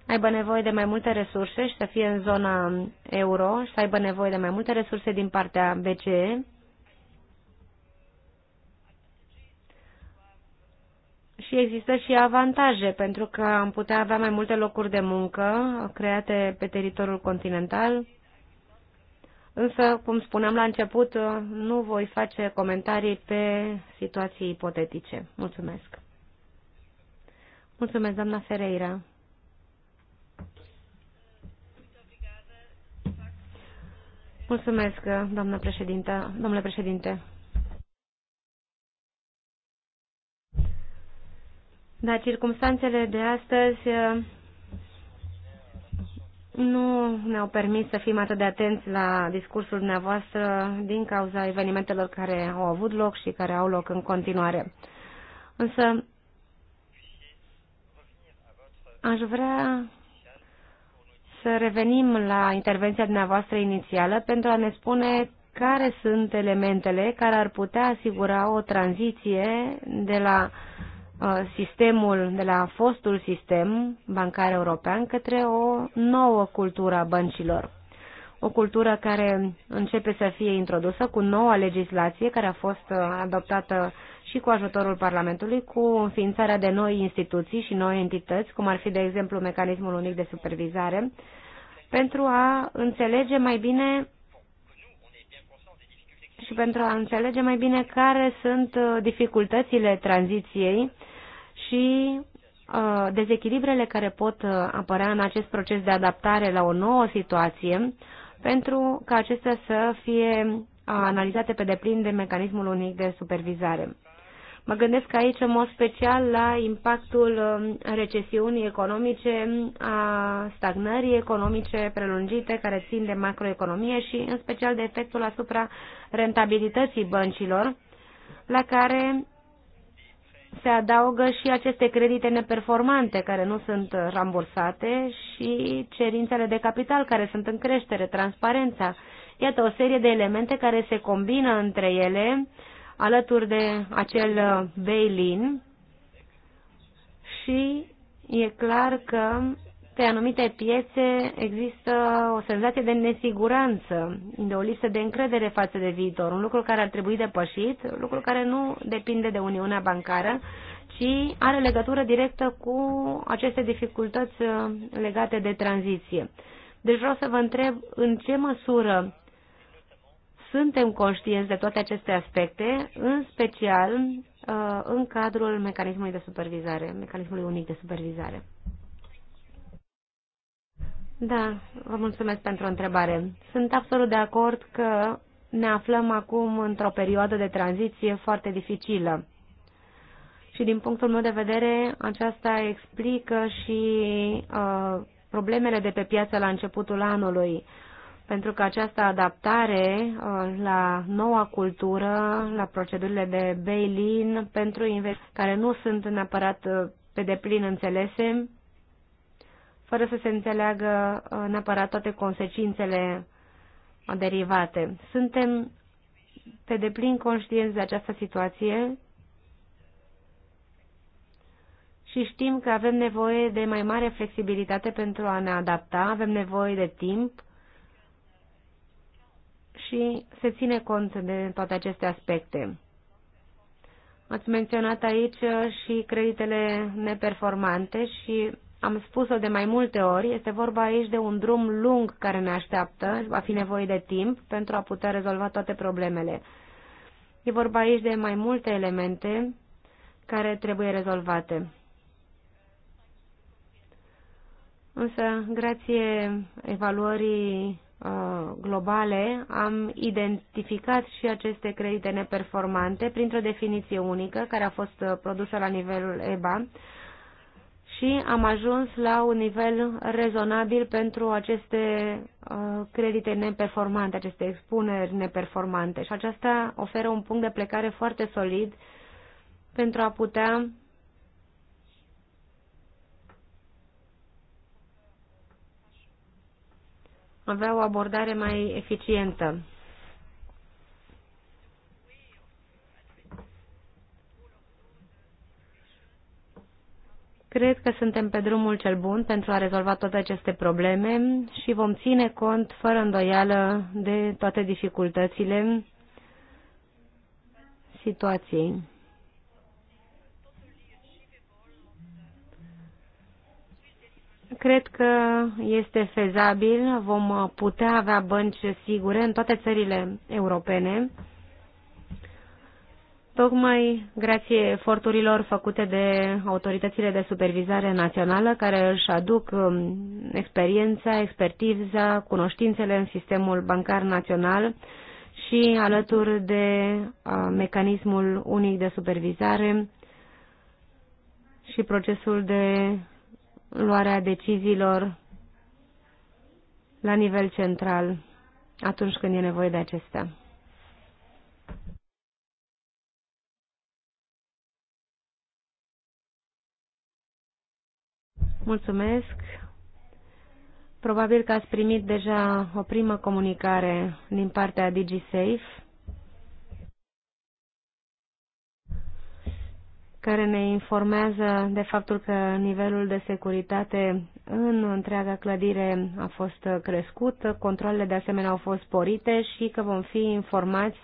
aibă nevoie de mai multe resurse și să fie în zona euro și să aibă nevoie de mai multe resurse din partea BCE și există și avantaje, pentru că am putea avea mai multe locuri de muncă create pe teritoriul continental. Însă, cum spuneam la început, nu voi face comentarii pe situații ipotetice. Mulțumesc. Mulțumesc, doamna Ferreira. Mulțumesc, doamna președintă, domnule președinte. Dar circumstanțele de astăzi uh, nu ne-au permis să fim atât de atenți la discursul dumneavoastră din cauza evenimentelor care au avut loc și care au loc în continuare. Însă aș vrea să revenim la intervenția dumneavoastră inițială pentru a ne spune care sunt elementele care ar putea asigura o tranziție de la uh, Uh, sistemul, de la fostul sistem bancar european către o nouă cultură a băncilor. O cultură care începe să fie introdusă cu noua legislație care a fost uh, adoptată și cu ajutorul Parlamentului, cu înființarea de noi instituții și noi entități, cum ar fi, de exemplu, mecanismul unic de supervizare, pentru a înțelege mai bine și pentru a înțelege mai bine care sunt uh, dificultățile tranziției și uh, dezechilibrele care pot uh, apărea în acest proces de adaptare la o nouă situație pentru ca acestea să fie analizate pe deplin de mecanismul unic de supervizare. Mă gândesc aici în mod special la impactul um, recesiunii economice, a stagnării economice prelungite care țin de macroeconomie și în special de efectul asupra rentabilității băncilor, la care se adaugă și aceste credite neperformante care nu sunt rambursate și cerințele de capital care sunt în creștere, transparența. Iată o serie de elemente care se combină între ele alături de acel uh, bail-in și e clar că pe anumite piețe există o senzație de nesiguranță, de o lipsă de încredere față de viitor, un lucru care ar trebui depășit, un lucru care nu depinde de Uniunea Bancară, ci are legătură directă cu aceste dificultăți uh, legate de tranziție. Deci vreau să vă întreb în ce măsură suntem conștienți de toate aceste aspecte, în special uh, în cadrul mecanismului de supervizare, mecanismului unic de supervizare. Da, vă mulțumesc pentru întrebare. Sunt absolut de acord că ne aflăm acum într-o perioadă de tranziție foarte dificilă. Și din punctul meu de vedere, aceasta explică și uh, problemele de pe piață la începutul anului. Uh, pentru că această adaptare uh, la noua cultură, la procedurile de bail-in pentru investi care nu sunt neapărat uh, pe deplin înțelese, fără să se înțeleagă uh, neapărat toate consecințele derivate. Suntem pe deplin conștienți de această situație și știm că avem nevoie de mai mare flexibilitate pentru a ne adapta, avem nevoie de timp și se ține cont de toate aceste aspecte. Ați menționat aici uh, și creditele neperformante și am spus-o de mai multe ori, este vorba aici de un drum lung care ne așteaptă, va fi nevoie de timp pentru a putea rezolva toate problemele. E vorba aici de mai multe elemente care trebuie rezolvate. Însă, grație evaluării Uh, globale, am identificat și aceste credite neperformante printr-o definiție unică care a fost uh, produsă la nivelul EBA și am ajuns la un nivel rezonabil pentru aceste uh, credite neperformante, aceste expuneri neperformante și aceasta oferă un punct de plecare foarte solid pentru a putea avea o abordare mai eficientă. Cred că suntem pe drumul cel bun pentru a rezolva toate aceste probleme și vom ține cont, fără îndoială, de toate dificultățile situației. Cred că este fezabil, vom putea avea bănci sigure în toate țările europene, tocmai grație eforturilor făcute de autoritățile de supervizare națională, care își aduc um, experiența, expertiza, cunoștințele în sistemul bancar național și alături de mecanismul unic de supervizare și procesul de luarea deciziilor la nivel central atunci când e nevoie de acestea. Mulțumesc. Probabil că ați primit deja o primă comunicare din partea DigiSafe care ne informează de faptul că nivelul de securitate în întreaga clădire a fost crescut, controlele de asemenea au fost sporite și că vom fi informați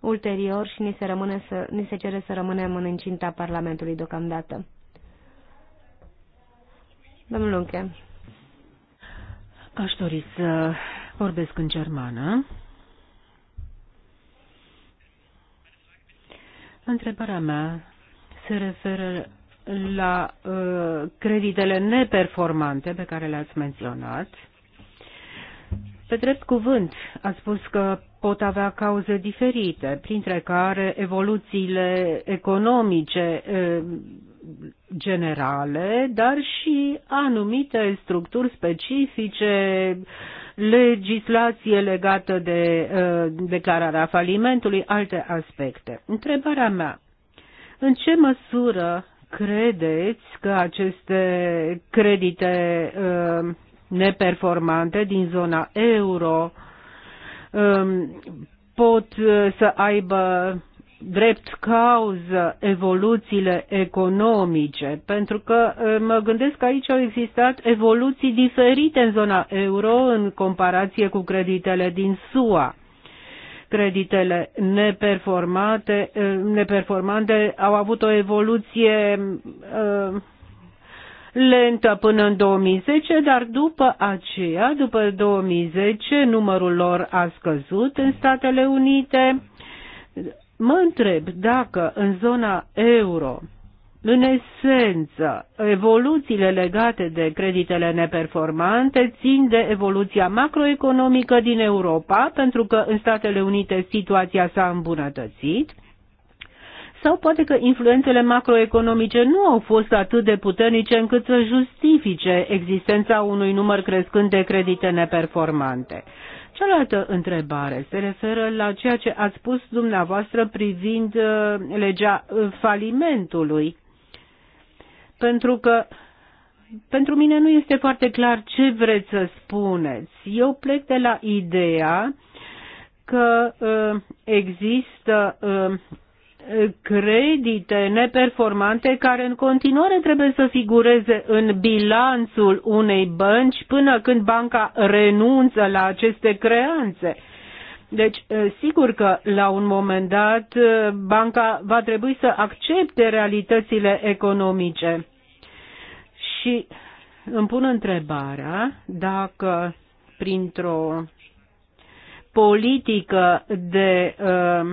ulterior și ni se, rămâne să, ni se cere să rămânem în incinta Parlamentului deocamdată. Domnul Lunche. Aș dori să vorbesc în germană. Întrebarea mea se referă la uh, creditele neperformante pe care le-ați menționat. Pe drept cuvânt, a spus că pot avea cauze diferite, printre care evoluțiile economice uh, generale, dar și anumite structuri specifice, legislație legată de uh, declararea falimentului, alte aspecte. Întrebarea mea în ce măsură credeți că aceste credite uh, neperformante din zona euro um, pot uh, să aibă drept cauză evoluțiile economice, pentru că uh, mă gândesc că aici au existat evoluții diferite în zona euro în comparație cu creditele din SUA. Creditele neperformate, eh, neperformante au avut o evoluție eh, lentă până în 2010, dar după aceea, după 2010, numărul lor a scăzut în Statele Unite. Mă întreb dacă în zona euro în esență, evoluțiile legate de creditele neperformante țin de evoluția macroeconomică din Europa, pentru că în Statele Unite situația s-a îmbunătățit, sau poate că influențele macroeconomice nu au fost atât de puternice încât să justifice existența unui număr crescând de credite neperformante. Cealaltă întrebare se referă la ceea ce ați spus dumneavoastră privind uh, legea uh, falimentului pentru că pentru mine nu este foarte clar ce vreți să spuneți. Eu plec de la ideea că ă, există ă, credite neperformante care în continuare trebuie să figureze în bilanțul unei bănci până când banca renunță la aceste creanțe. Deci, eh, sigur că la un moment dat eh, banca va trebui să accepte realitățile economice. Și îmi pun întrebarea dacă printr-o politică de uh,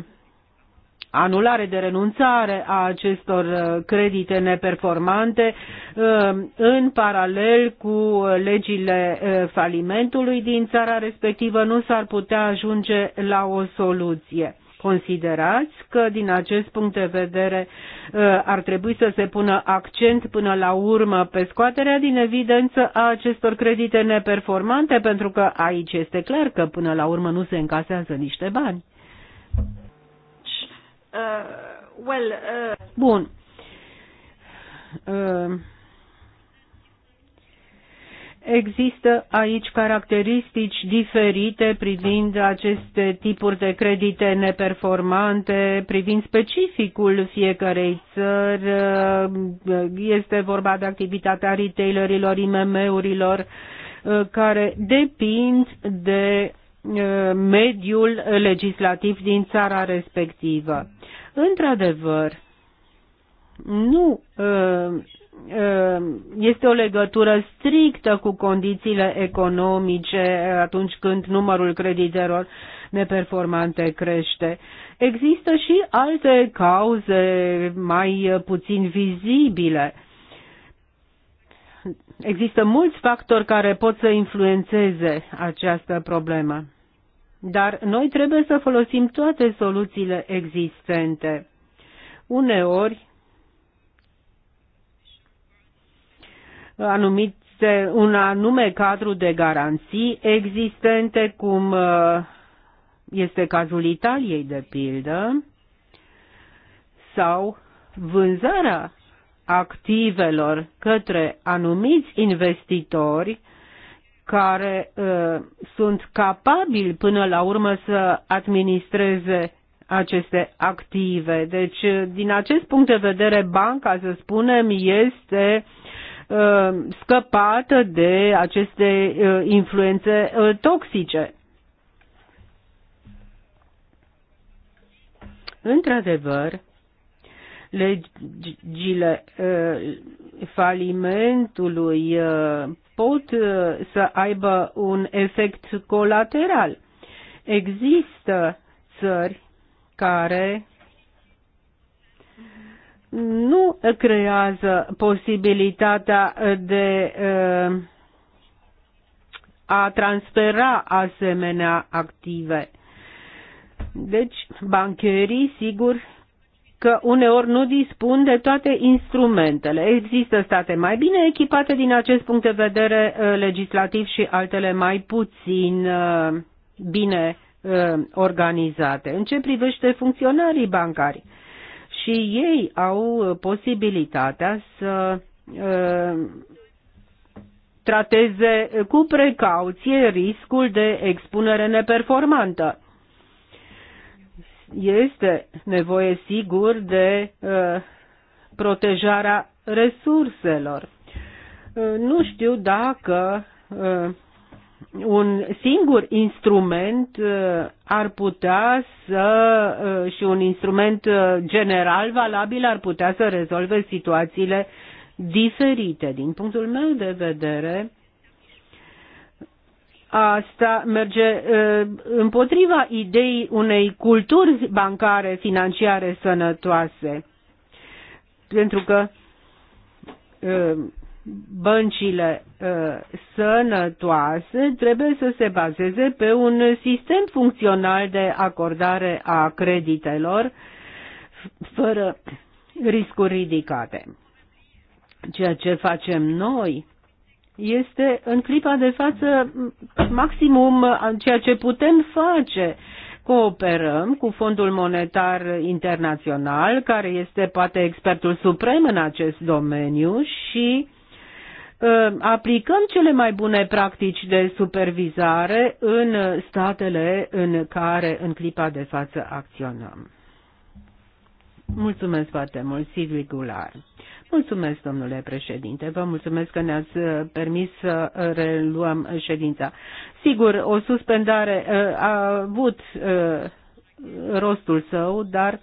anulare, de renunțare a acestor uh, credite neperformante uh, în paralel cu uh, legile falimentului din țara respectivă nu s-ar putea ajunge la o soluție. Considerați că din acest punct de vedere ar trebui să se pună accent până la urmă pe scoaterea din evidență a acestor credite neperformante, pentru că aici este clar că până la urmă nu se încasează niște bani. Uh, well, uh... Bun. Uh, Există aici caracteristici diferite privind aceste tipuri de credite neperformante, privind specificul fiecarei țări, uh, este vorba de activitatea retailerilor, IMM-urilor, uh, care depind de mediul legislativ din țara respectivă. Într-adevăr, nu ă, ă, este o legătură strictă cu condițiile economice atunci când numărul creditelor neperformante crește. Există și alte cauze mai puțin vizibile. Există mulți factori care pot să influențeze această problemă. Dar noi trebuie să folosim toate soluțiile existente. Uneori, anumite, un anume cadru de garanții existente, cum uh, este cazul Italiei, de pildă, sau vânzarea activelor către anumiți investitori care uh, sunt capabili până la urmă să administreze aceste active. Deci, uh, din acest punct de vedere, banca, să spunem, este uh, scăpată de aceste uh, influențe uh, toxice. Într-adevăr, legile uh, falimentului uh, pot uh, să aibă un efect colateral. Există țări care nu creează posibilitatea de uh, a transfera asemenea active. Deci, bancherii, sigur, că uneori nu dispun de toate instrumentele. Există state mai bine echipate din acest punct de vedere uh, legislativ și altele mai puțin uh, bine uh, organizate. În ce privește funcționarii bancari? Și ei au posibilitatea să trateze cu precauție riscul de expunere neperformantă. Este nevoie, sigur, de uh, protejarea resurselor. Uh, nu știu dacă uh, un singur instrument ar putea să, și un instrument general valabil ar putea să rezolve situațiile diferite. Din punctul meu de vedere, Asta merge împotriva ideii unei culturi bancare financiare sănătoase. Pentru că băncile sănătoase trebuie să se bazeze pe un sistem funcțional de acordare a creditelor fără riscuri ridicate. Ceea ce facem noi este în clipa de față maximum ceea ce putem face. Cooperăm cu Fondul Monetar Internațional, care este poate expertul suprem în acest domeniu și ă, aplicăm cele mai bune practici de supervizare în statele în care în clipa de față acționăm. Mulțumesc foarte mult, Silvi Gular. Mulțumesc, domnule președinte. Vă mulțumesc că ne-ați uh, permis să uh, reluăm uh, ședința. Sigur, o suspendare a avut rostul său, dar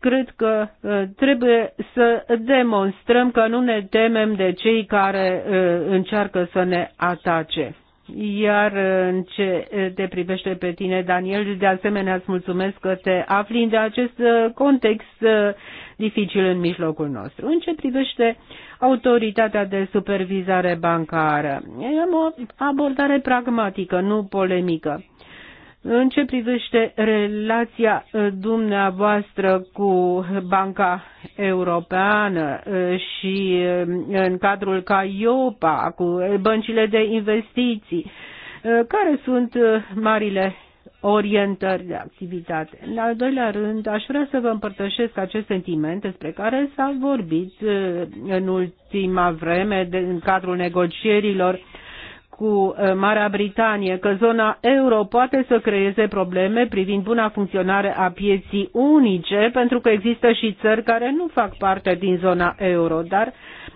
cred că trebuie să demonstrăm că nu ne temem de cei care încearcă să ne atace. Iar în ce te privește pe tine, Daniel, de asemenea îți mulțumesc că te afli în acest uh, context uh, dificil în mijlocul nostru. În ce privește autoritatea de supervizare bancară, am o abordare pragmatică, nu polemică. În ce privește relația eh, dumneavoastră cu Banca Europeană eh, și eh, în cadrul CAIOPA, cu băncile de investiții, care sunt marile orientări de activitate. În al doilea rând, aș vrea să vă împărtășesc acest sentiment despre care s-a vorbit în ultima vreme de, în cadrul negocierilor cu eh, Marea Britanie că zona euro poate să creeze probleme privind buna funcționare a pieții unice, pentru că există și țări care nu fac parte din zona euro, dar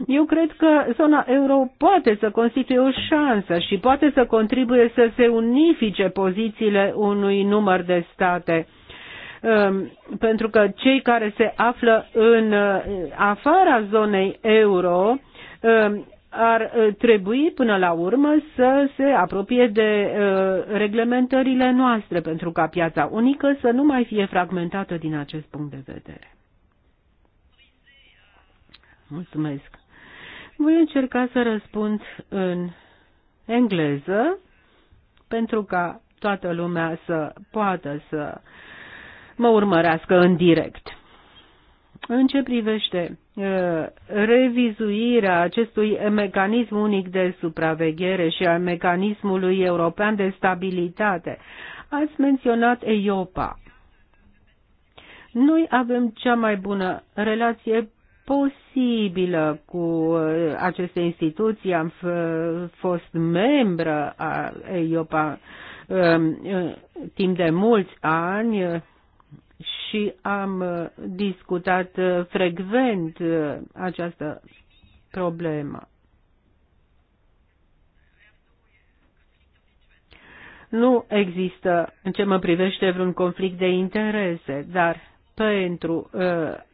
eu cred că zona euro poate să constituie o șansă și poate să contribuie să se unifice pozițiile unui număr de state ehm, pentru că cei care se află în eh, afara zonei euro ehm, ar uh, trebui până la urmă să se apropie de uh, reglementările noastre pentru ca piața unică să nu mai fie fragmentată din acest punct de vedere. Mulțumesc. Voi încerca să răspund în engleză pentru ca toată lumea să poată să mă urmărească în direct. În ce privește uh, revizuirea acestui mecanism unic de supraveghere și al mecanismului european de stabilitate, ați menționat EIOPA. Noi avem cea mai bună relație posibilă cu uh, aceste instituții. Am fost membră a EIOPA um, uh, timp de mulți ani și am uh, discutat uh, frecvent uh, această problemă. Nu există, în ce mă privește, vreun conflict de interese, dar pentru uh,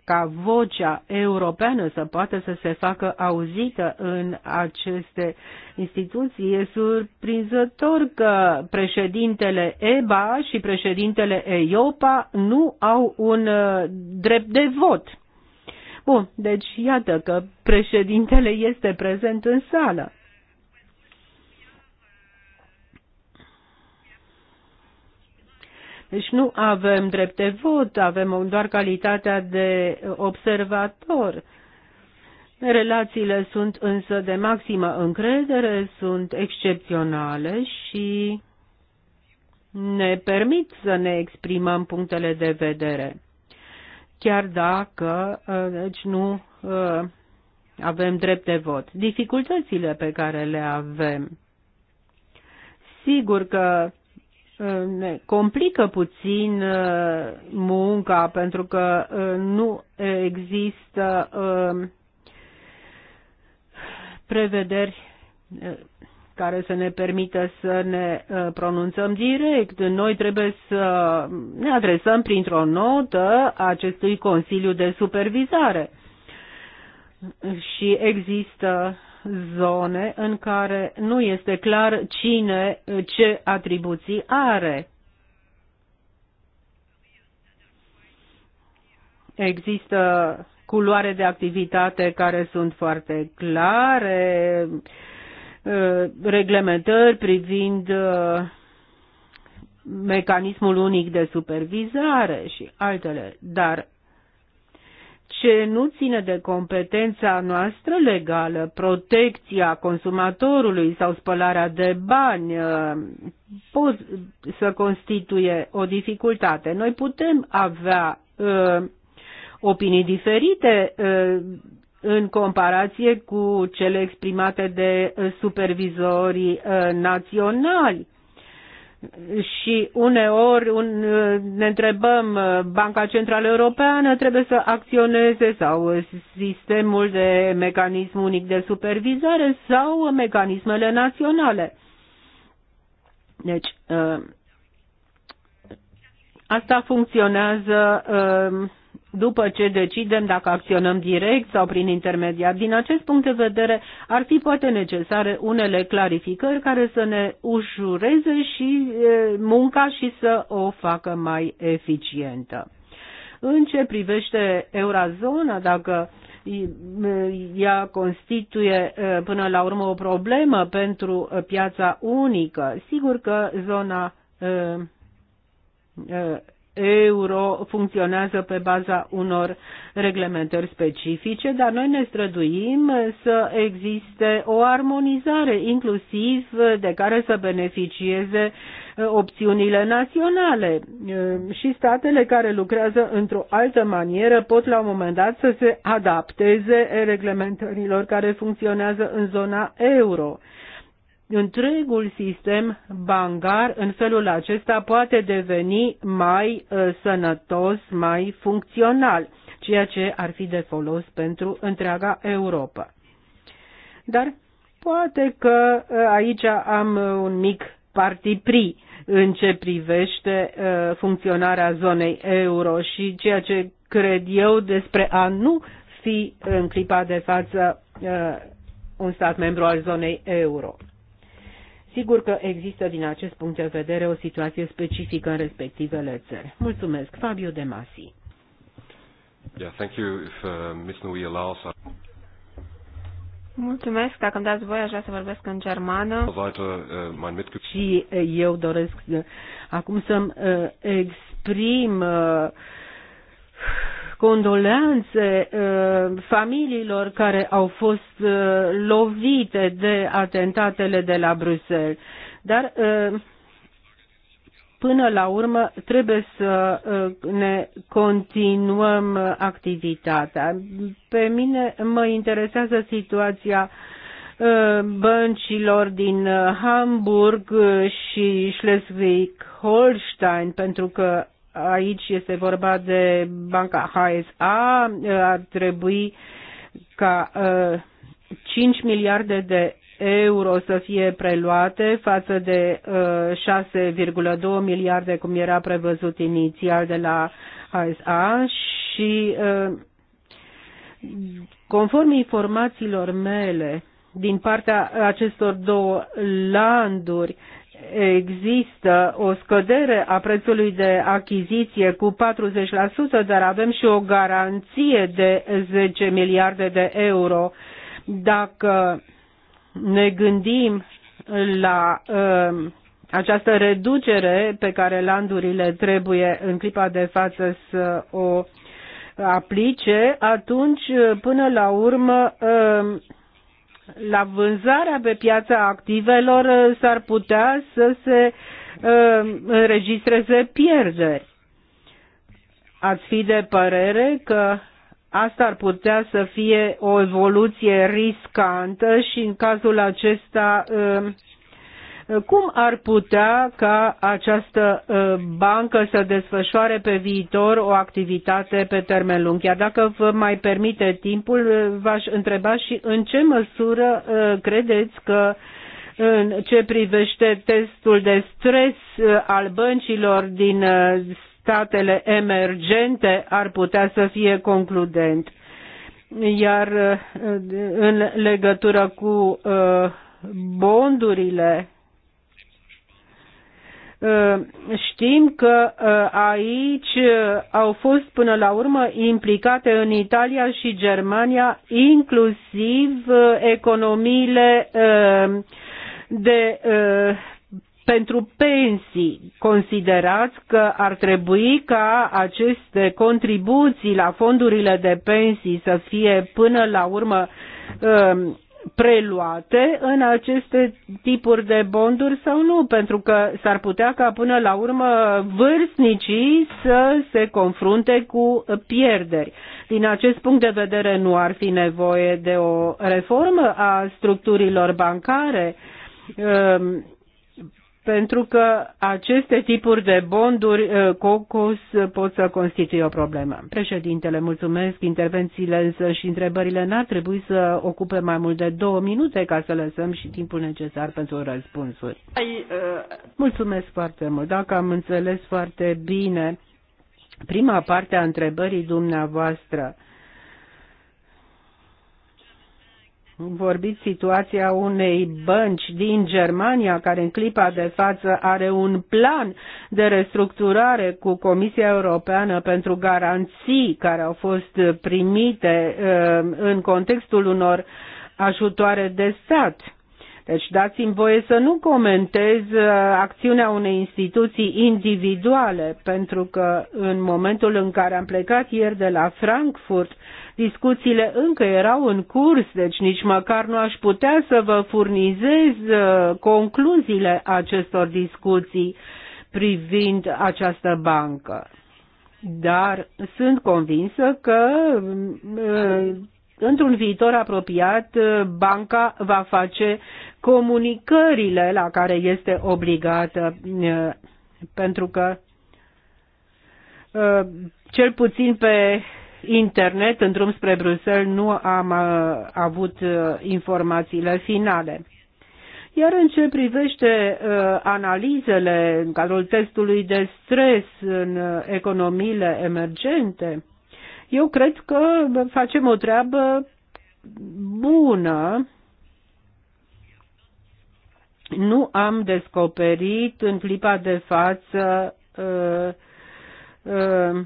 ca vocea europeană să poată să se facă auzită în aceste instituții. E surprinzător că președintele EBA și președintele EIOPA nu au un uh, drept de vot. Bun, deci iată că președintele este prezent în sală. Deci nu avem drept de vot, avem doar calitatea de observator. Relațiile sunt însă de maximă încredere, sunt excepționale și ne permit să ne exprimăm punctele de vedere. Chiar dacă ă, deci nu ă, avem drept de vot. Dificultățile pe care le avem. Sigur că Uh, ne complică puțin uh, munca pentru că uh, nu există prevederi care să ne permită să ne pronunțăm direct. Noi trebuie să ne adresăm printr-o notă acestui Consiliu de Supervizare. Și există zone în care nu este clar cine ce atribuții are. Există culoare de activitate care sunt foarte clare, uh, reglementări privind uh, mecanismul unic de supervizare și altele, dar ce nu ține de competența noastră legală, protecția consumatorului sau spălarea de bani, uh, pot să constituie o dificultate. Noi putem avea uh, opinii diferite uh, în comparație cu cele exprimate de uh, supervizorii uh, naționali și uneori un, ne întrebăm, Banca Centrală Europeană trebuie să acționeze sau sistemul de mecanism unic de supervizare sau mecanismele naționale. Deci, ă, asta funcționează ă, după ce decidem dacă acționăm direct sau prin intermediar. Din acest punct de vedere, ar fi poate necesare unele clarificări care să ne ușureze și munca și să o facă mai eficientă. În ce privește Eurozona dacă ea constituie până la urmă o problemă pentru piața unică, sigur că zona euro funcționează pe baza unor reglementări specifice, dar noi ne străduim să existe o armonizare inclusiv de care să beneficieze uh, opțiunile naționale uh, și statele care lucrează într-o altă manieră pot la un moment dat să se adapteze reglementărilor care funcționează în zona euro întregul sistem bancar în felul acesta poate deveni mai ă, sănătos, mai funcțional, ceea ce ar fi de folos pentru întreaga Europa. Dar poate că ă, aici am un mic partipri în ce privește ă, funcționarea zonei euro și ceea ce cred eu despre a nu fi în clipa de față un stat membru al zonei euro. Sigur că există din acest punct de vedere o situație specifică în respectivele țări. Mulțumesc, Fabio De Masi. Yeah, thank you. If, uh, allows, I... Mulțumesc, dacă îmi dați voie, aș vrea să vorbesc în germană. Uh, Și uh, eu doresc uh, acum să-mi exprim condoleanțe uh, familiilor care au fost uh, lovite de atentatele de la Bruxelles. Dar uh, până la urmă trebuie să ne continuăm activitatea. Pe mine mă interesează situația băncilor din Hamburg și Schleswig-Holstein, pentru că aici este vorba de banca HSA, ar trebui ca 5 uh, miliarde de euro să fie preluate față de 6,2 uh, miliarde cum era prevăzut inițial de la HSA și uh, conform informațiilor mele din partea acestor două landuri există o scădere a prețului de achiziție cu 40%, dar avem și o garanție de 10 miliarde de euro. Dacă ne gândim la uh, această reducere pe care landurile trebuie în clipa de față să o aplice, atunci până la urmă uh, la vânzarea pe piața activelor uh, s-ar putea să se uh, înregistreze pierderi. Ați fi de părere că asta ar putea să fie o evoluție riscantă și în cazul acesta uh, cum ar putea ca această uh, bancă să desfășoare pe viitor o activitate pe termen lung? Iar dacă vă mai permite timpul, uh, v-aș întreba și în ce măsură uh, credeți că în ce privește testul de stres al băncilor din statele emergente ar putea să fie concludent. Iar în legătură cu bondurile, Uh, știm că uh, aici uh, au fost până la urmă implicate în Italia și Germania inclusiv economiile de pentru pensii. Considerați că ar trebui ca aceste contribuții la fondurile de pensii să fie până la urmă preluate în aceste tipuri de bonduri sau nu, pentru că s-ar putea ca până la urmă vârstnicii să se confrunte cu pierderi. Din acest punct de vedere nu ar fi nevoie de o reformă a structurilor bancare. Ehm, pentru că aceste tipuri de bonduri uh, COCOS uh, pot să constituie o problemă. Președintele, mulțumesc, intervențiile însă și întrebările n-ar trebui să ocupe mai mult de două minute ca să lăsăm și timpul necesar pentru răspunsuri. Uh, mulțumesc foarte mult, dacă am înțeles foarte bine prima parte a întrebării dumneavoastră vorbit situația unei bănci din Germania care în clipa de față are un plan de restructurare cu Comisia Europeană pentru garanții care au fost primite uh, în contextul unor ajutoare de stat. Deci dați-mi voie să nu comentez uh, acțiunea unei instituții individuale, pentru că în momentul în care am plecat ieri de la Frankfurt, Discuțiile încă erau în curs, deci nici măcar nu aș putea să vă furnizez uh, concluziile acestor discuții privind această bancă. Dar sunt convinsă că uh, într-un viitor apropiat, uh, banca va face comunicările la care este obligată, pentru că cel puțin pe internet în drum spre Bruxelles nu am uh, avut uh, informațiile finale. Iar în ce privește uh, analizele în cadrul testului de stres în uh, economiile emergente, eu cred că facem o treabă bună. Nu am descoperit în clipa de față uh, uh,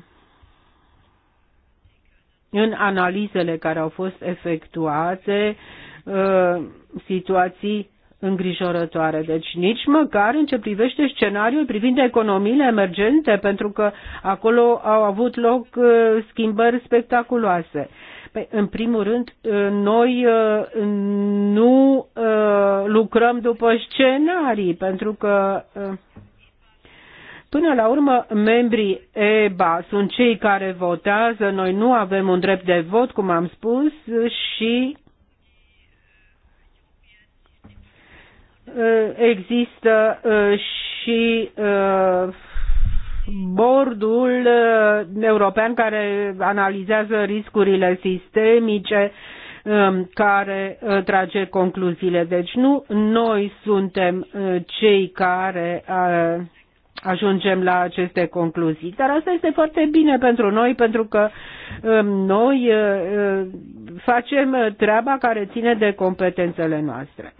în analizele care au fost efectuate uh, situații îngrijorătoare. Deci nici măcar în ce privește scenariul privind economiile emergente, pentru că acolo au avut loc uh, schimbări spectaculoase. Păi, în primul rând, uh, noi nu lucrăm după scenarii, pentru că Până la urmă, membrii EBA sunt cei care votează, noi nu avem un drept de vot, cum am spus, și uh, există uh, și uh, bordul european care analizează riscurile sistemice, um, care trage concluziile. Deci nu noi suntem cei care ajungem la aceste concluzii. Dar asta este foarte bine pentru noi, pentru că um, noi uh, uh, facem treaba care ține de competențele noastre.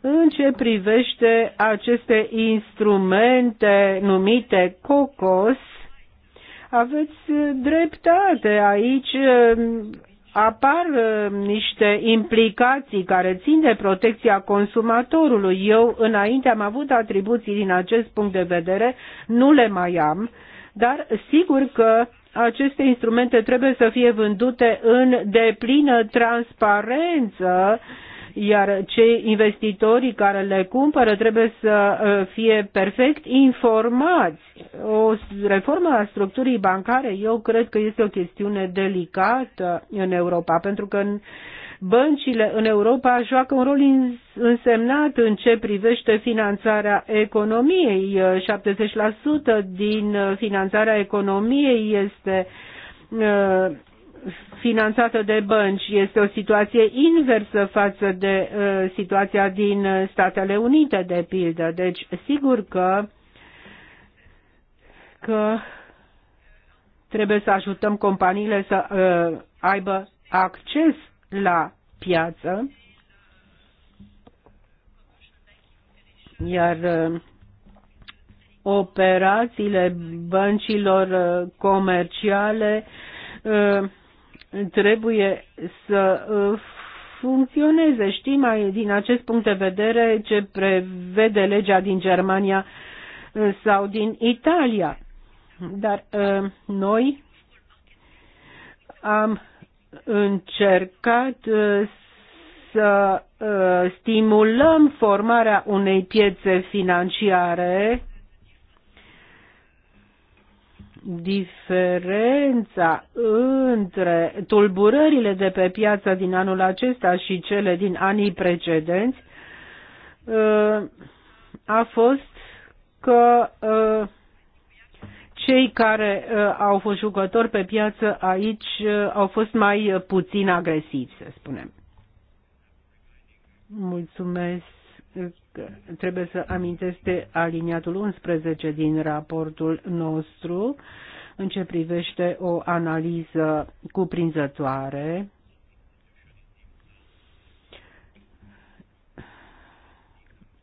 În ce privește aceste instrumente numite COCOS, aveți dreptate aici um, apar uh, niște implicații care țin de protecția consumatorului. Eu înainte am avut atribuții din acest punct de vedere, nu le mai am, dar sigur că aceste instrumente trebuie să fie vândute în deplină transparență uh, iar cei investitorii care le cumpără trebuie să uh, fie perfect informați. O reformă a structurii bancare, eu cred că este o chestiune delicată în Europa, pentru că în băncile în Europa joacă un rol însemnat în ce privește finanțarea economiei. 70% uh, din uh, finanțarea economiei este finanțată de bănci este o situație inversă față de uh, situația din uh, Statele Unite, de pildă. Deci, sigur că, că trebuie să ajutăm companiile să uh, aibă acces la piață, iar uh, operațiile băncilor uh, comerciale uh, trebuie să uh, funcționeze. Știm din acest punct de vedere ce prevede legea din Germania uh, sau din Italia. Dar uh, noi am încercat să stimulăm formarea unei piețe financiare diferența între tulburările de pe piața din anul acesta și cele din anii precedenți uh, a fost că uh, cei care uh, au fost jucători pe piață aici au fost mai puțin agresivi, să spunem. Mulțumesc trebuie să amintesc de aliniatul 11 din raportul nostru în ce privește o analiză cuprinzătoare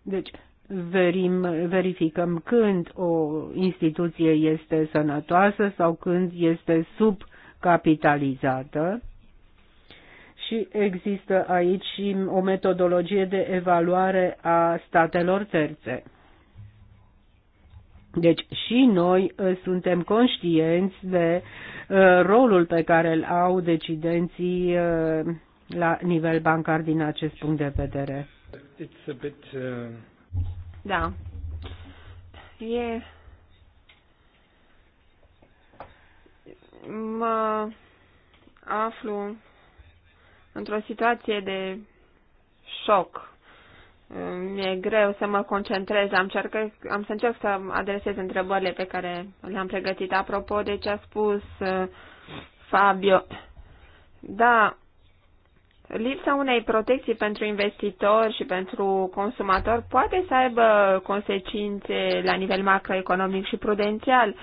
Deci, verim, verificăm când o instituție este sănătoasă sau când este subcapitalizată și există aici și o metodologie de evaluare a statelor terțe. Deci și noi uh, suntem conștienți de uh, rolul pe care îl au decidenții uh, la nivel bancar din acest punct de vedere. It's a bit, uh... Da. E... Mă aflu într-o situație de șoc. Mi-e greu să mă concentrez, am, cercă, am să încerc să adresez întrebările pe care le-am pregătit. Apropo de ce a spus uh, Fabio, da, lipsa unei protecții pentru investitori și pentru consumatori poate să aibă consecințe la nivel macroeconomic și prudențial.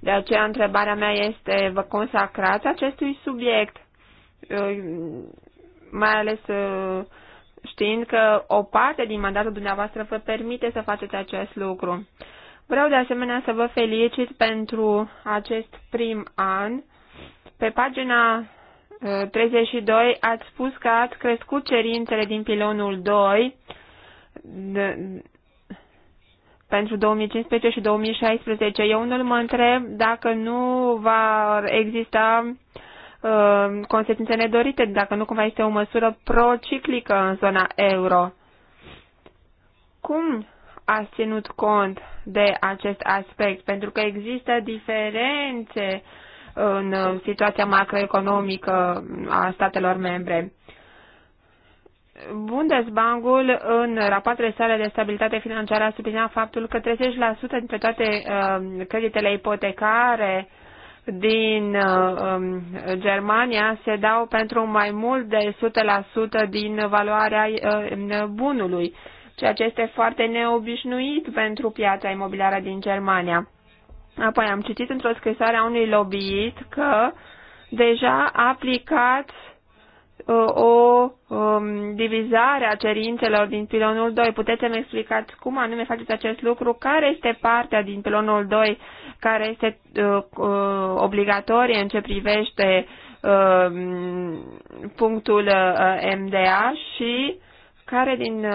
De aceea întrebarea mea este, vă consacrați acestui subiect? Uh, mai ales uh, știind că o parte din mandatul dumneavoastră vă permite să faceți acest lucru. Vreau de asemenea să vă felicit pentru acest prim an. Pe pagina 32 uh, ați spus că ați crescut cerințele din pilonul 2 pentru 2015 și 2016. Eu unul mă întreb dacă nu va exista uh, Uh, consecințe nedorite, dacă nu cumva este o măsură prociclică în zona euro. Cum ați ținut cont de acest aspect? Pentru că există diferențe în uh, situația macroeconomică a statelor membre. Bundesbankul în rapoartele sale de stabilitate financiară a subliniat faptul că 30% dintre toate uh, creditele ipotecare uh, din uh, um, Germania se dau pentru mai mult de 100% din valoarea uh, bunului, ceea ce este foarte neobișnuit pentru piața imobiliară din Germania. Apoi am citit într-o scrisoare a unui lobbyist că deja aplicat uh, o um, divizare a cerințelor din pilonul 2. Puteți să-mi explicați cum anume faceți acest lucru? Care este partea din pilonul 2 care este uh, obligatorie în ce privește uh, punctul uh, MDA și care din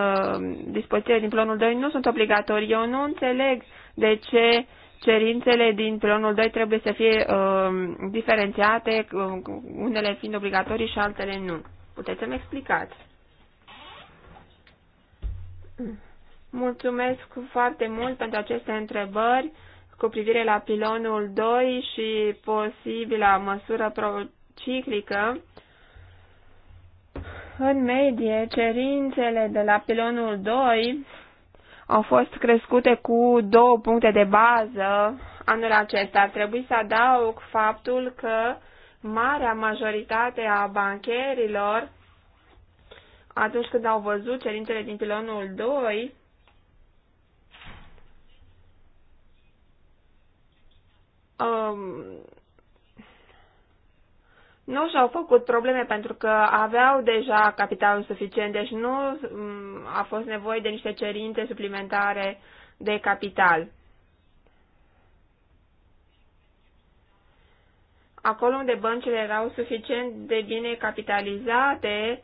dispozițiile din planul 2 nu sunt obligatorii. Eu nu înțeleg de ce cerințele din pilonul 2 trebuie să fie uh, diferențiate, unele fiind obligatorii și altele nu. Puteți să-mi explicați? Mulțumesc foarte mult pentru aceste întrebări cu privire la pilonul 2 și posibila măsură prociclică, în medie, cerințele de la pilonul 2 au fost crescute cu două puncte de bază anul acesta. Ar trebui să adaug faptul că marea majoritate a bancherilor, atunci când au văzut cerințele din pilonul 2, um, nu și-au făcut probleme pentru că aveau deja capitalul suficient, deci nu um, a fost nevoie de niște cerințe suplimentare de capital. Acolo unde băncile erau suficient de bine capitalizate,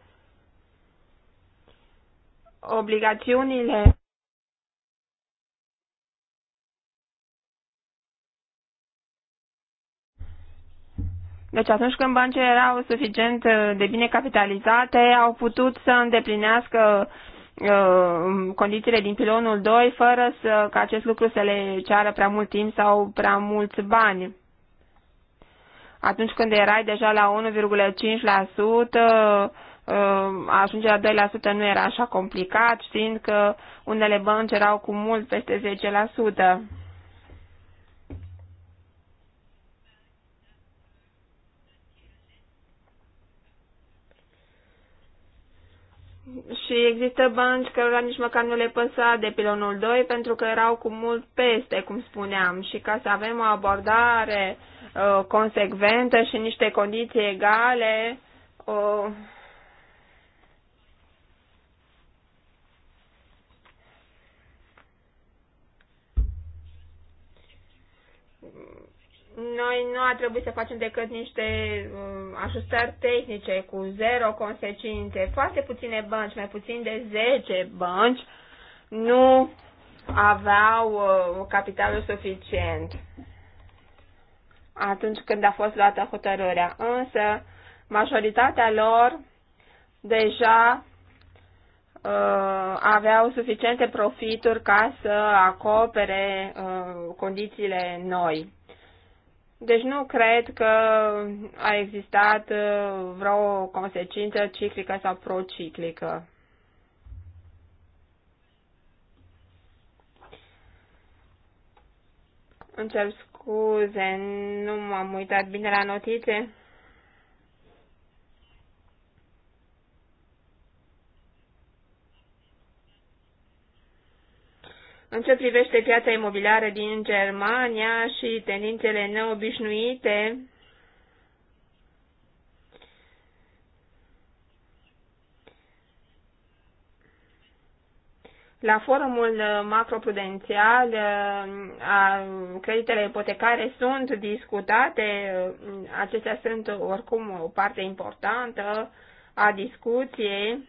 obligațiunile Deci atunci când băncile erau suficient uh, de bine capitalizate, au putut să îndeplinească uh, condițiile din pilonul 2 fără să, ca acest lucru să le ceară prea mult timp sau prea mulți bani. Atunci când erai deja la 1,5%, uh, ajunge la 2% nu era așa complicat, știind că unele bănci erau cu mult peste 10%. și există bănci cărora nici măcar nu le păsa de pilonul 2 pentru că erau cu mult peste, cum spuneam, și ca să avem o abordare uh, consecventă și niște condiții egale, uh, Noi nu a trebuit să facem decât niște uh, ajustări tehnice cu zero consecințe. Foarte puține bănci, mai puțin de 10 bănci, nu aveau uh, capitalul suficient atunci când a fost luată hotărârea. Însă, majoritatea lor deja uh, aveau suficiente profituri ca să acopere uh, condițiile noi. Deci nu cred că a existat uh, vreo consecință ciclică sau prociclică. Îmi scuze, nu m-am uitat bine la notițe. În ce privește piața imobiliară din Germania și tendințele neobișnuite, La forumul macroprudențial, creditele ipotecare sunt discutate, acestea sunt oricum o parte importantă a discuției.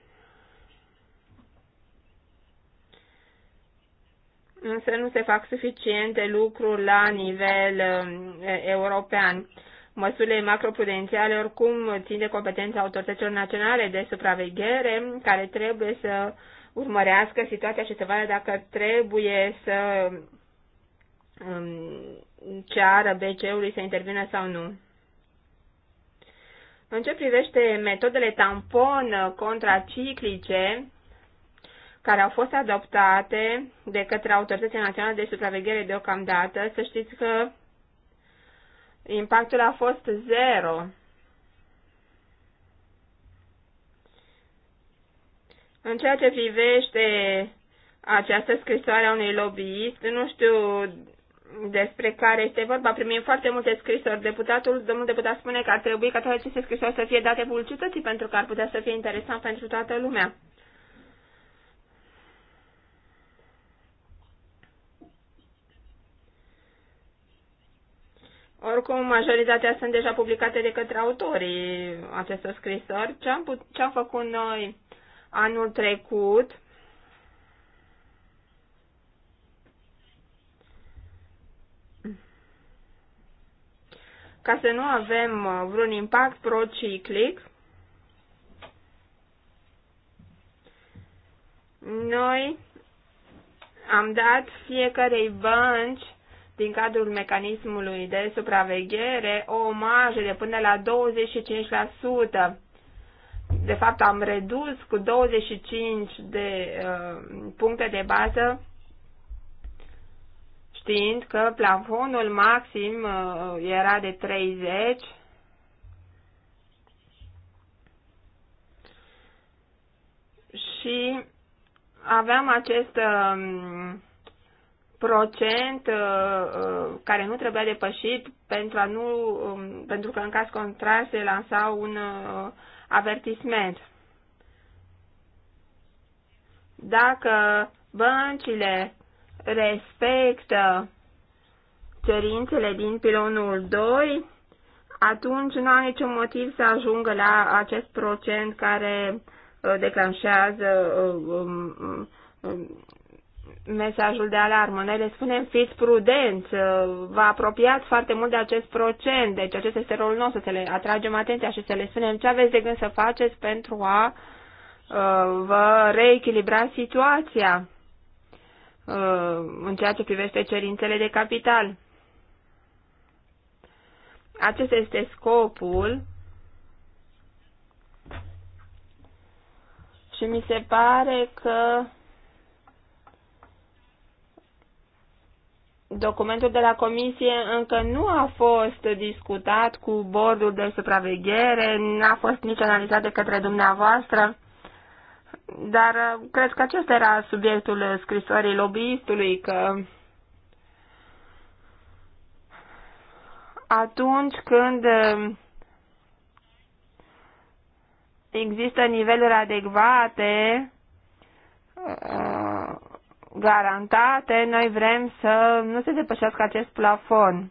însă nu se fac suficiente lucruri la nivel um, european. Măsurile macroprudențiale oricum țin de competența autorităților naționale de supraveghere, care trebuie să urmărească situația și să vadă dacă trebuie să um, ceară BCE-ului să intervină sau nu. În ce privește metodele tampon contraciclice, care au fost adoptate de către Autoritatea Națională de Supraveghere deocamdată, să știți că impactul a fost zero. În ceea ce privește această scrisoare a unui lobbyist, nu știu despre care este vorba, primim foarte multe scrisori. Deputatul, domnul deputat spune că ar trebui ca toate aceste scrisori să fie date publicității pentru că ar putea să fie interesant pentru toată lumea. Oricum, majoritatea sunt deja publicate de către autorii acestor scrisori. Ce am, ce am făcut noi anul trecut? Ca să nu avem uh, vreun impact prociclic, noi am dat fiecarei bănci din cadrul mecanismului de supraveghere o marjă de până la 25%. De fapt, am redus cu 25 de uh, puncte de bază, știind că plafonul maxim uh, era de 30, și aveam acest uh, procent uh, uh, care nu trebuia depășit pentru, a nu, um, pentru că în caz contrar se lansa un uh, avertisment. Dacă băncile respectă cerințele din pilonul 2, atunci nu au niciun motiv să ajungă la acest procent care declanșează um, um, mesajul de alarmă. Noi le spunem fiți prudenți, uh, vă apropiați foarte mult de acest procent, deci acesta este rolul nostru, să le atragem atenția și să le spunem ce aveți de gând să faceți pentru a uh, vă reechilibra situația uh, în ceea ce privește cerințele de capital. Acesta este scopul și mi se pare că Documentul de la comisie încă nu a fost discutat cu bordul de supraveghere, n-a fost nici analizat de către dumneavoastră, dar uh, cred că acesta era subiectul scrisorii lobbyistului, că atunci când uh, există niveluri adecvate, uh, garantate, noi vrem să nu se depășească acest plafon.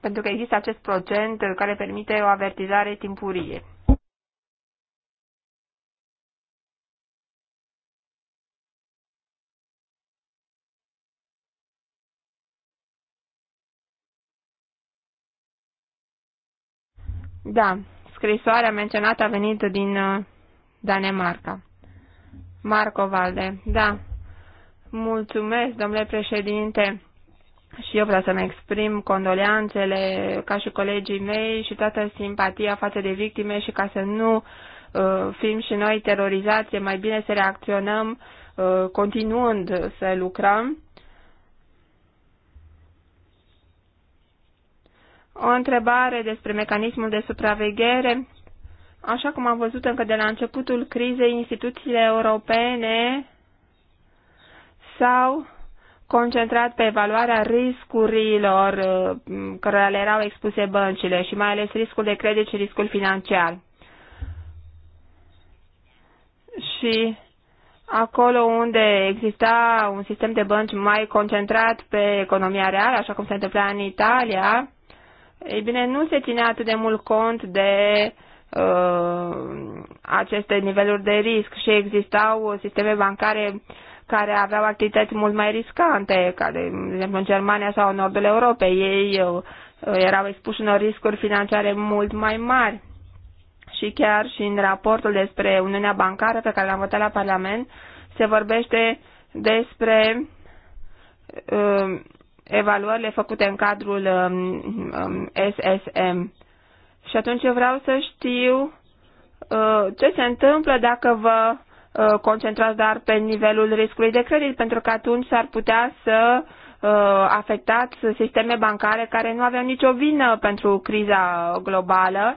Pentru că există acest procent care permite o avertizare timpurie. Da, scrisoarea menționată a venit din uh, Danemarca. Marco Valde. Da. Mulțumesc, domnule președinte. Și eu vreau să-mi exprim condoleanțele ca și colegii mei și toată simpatia față de victime și ca să nu uh, fim și noi terorizați, e mai bine să reacționăm uh, continuând să lucrăm. O întrebare despre mecanismul de supraveghere Așa cum am văzut încă de la începutul crizei, instituțiile europene s-au concentrat pe evaluarea riscurilor uh, care le erau expuse băncile și mai ales riscul de credit și riscul financiar. Și acolo unde exista un sistem de bănci mai concentrat pe economia reală, așa cum se întâmpla în Italia, ei bine, nu se ținea atât de mult cont de uh, Uh, aceste niveluri de risc și existau sisteme bancare care aveau activități mult mai riscante, ca de exemplu în Germania sau în nordul Europei. Ei uh, erau expuși unor riscuri financiare mult mai mari. Și chiar și în raportul despre Uniunea Bancară pe care l-am votat la Parlament se vorbește despre uh, evaluările făcute în cadrul SSM. Um, um, și atunci eu vreau să știu uh, ce se întâmplă dacă vă uh, concentrați doar pe nivelul riscului de credit, pentru că atunci s-ar putea să uh, afectați sisteme bancare care nu aveau nicio vină pentru criza globală,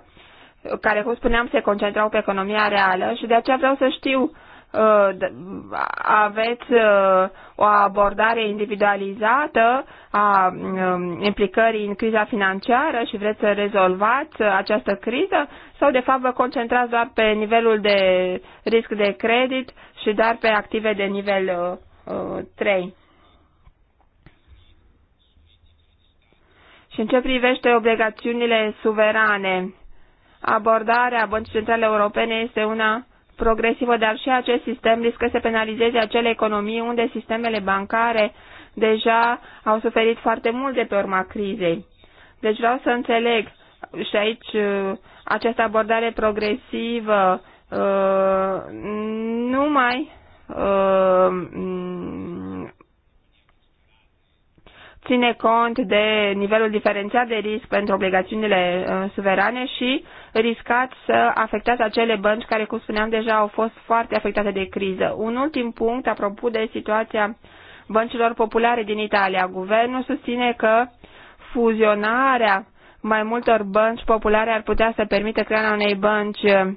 care, cum spuneam, se concentrau pe economia reală și de aceea vreau să știu Uh, aveți uh, o abordare individualizată a um, implicării în criza financiară și vreți să rezolvați uh, această criză sau de fapt vă concentrați doar pe nivelul de risc de credit și doar pe active de nivel 3? Și în ce privește obligațiunile suverane, abordarea Băncii Centrale Europene este una progresivă, dar și acest sistem riscă să penalizeze acele economii unde sistemele bancare deja au suferit foarte mult de pe urma crizei. Deci vreau să înțeleg și aici uh, această abordare progresivă uh, mai uh, mm, ține cont de nivelul diferențiat de risc pentru obligațiunile suverane și uh, riscați să afecteze acele bănci care, cum spuneam deja, au fost foarte afectate de criză. Un ultim punct, apropo de situația băncilor populare din Italia. Guvernul susține că fuzionarea mai multor bănci populare ar putea să permită crearea unei bănci uh,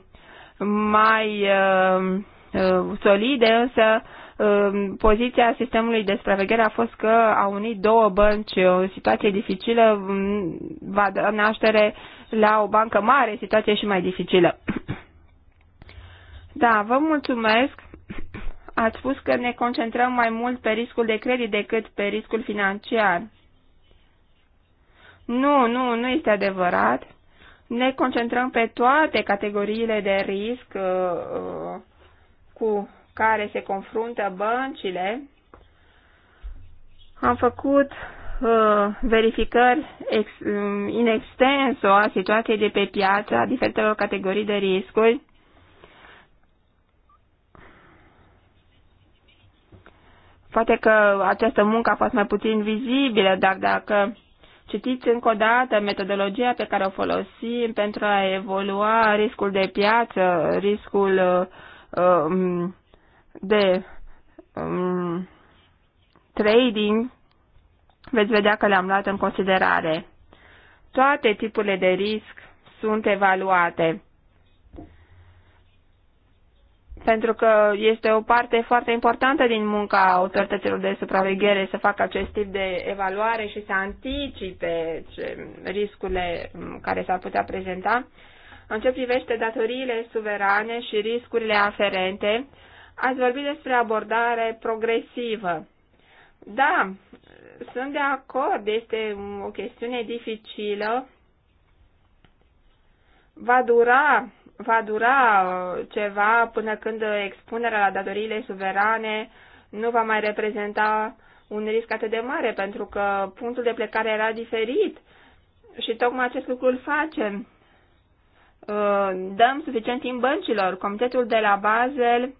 mai uh, uh, solide, însă uh, poziția sistemului de supraveghere a fost că a unit două bănci, o situație dificilă, mm, va da naștere la o bancă mare, situația e și mai dificilă. Da, vă mulțumesc. Ați spus că ne concentrăm mai mult pe riscul de credit decât pe riscul financiar. Nu, nu, nu este adevărat. Ne concentrăm pe toate categoriile de risc uh, uh cu care se confruntă băncile. Am făcut Uh, verificări ex, um, in extenso a situației de pe piață, a diferitelor categorii de riscuri. Poate că această muncă a fost mai puțin vizibilă, dar dacă citiți încă o dată metodologia pe care o folosim pentru a evolua riscul de piață, riscul uh, um, de um, trading, veți vedea că le-am luat în considerare. Toate tipurile de risc sunt evaluate. Pentru că este o parte foarte importantă din munca autorităților de supraveghere să facă acest tip de evaluare și să anticipe riscurile mm, care s-ar putea prezenta. În ce privește datoriile suverane și riscurile aferente, ați vorbit despre abordare progresivă. Da, sunt de acord, este o chestiune dificilă. Va dura, va dura uh, ceva până când expunerea la datoriile suverane nu va mai reprezenta un risc atât de mare, pentru că punctul de plecare era diferit și tocmai acest lucru îl facem. Uh, dăm suficient timp băncilor. Comitetul de la Basel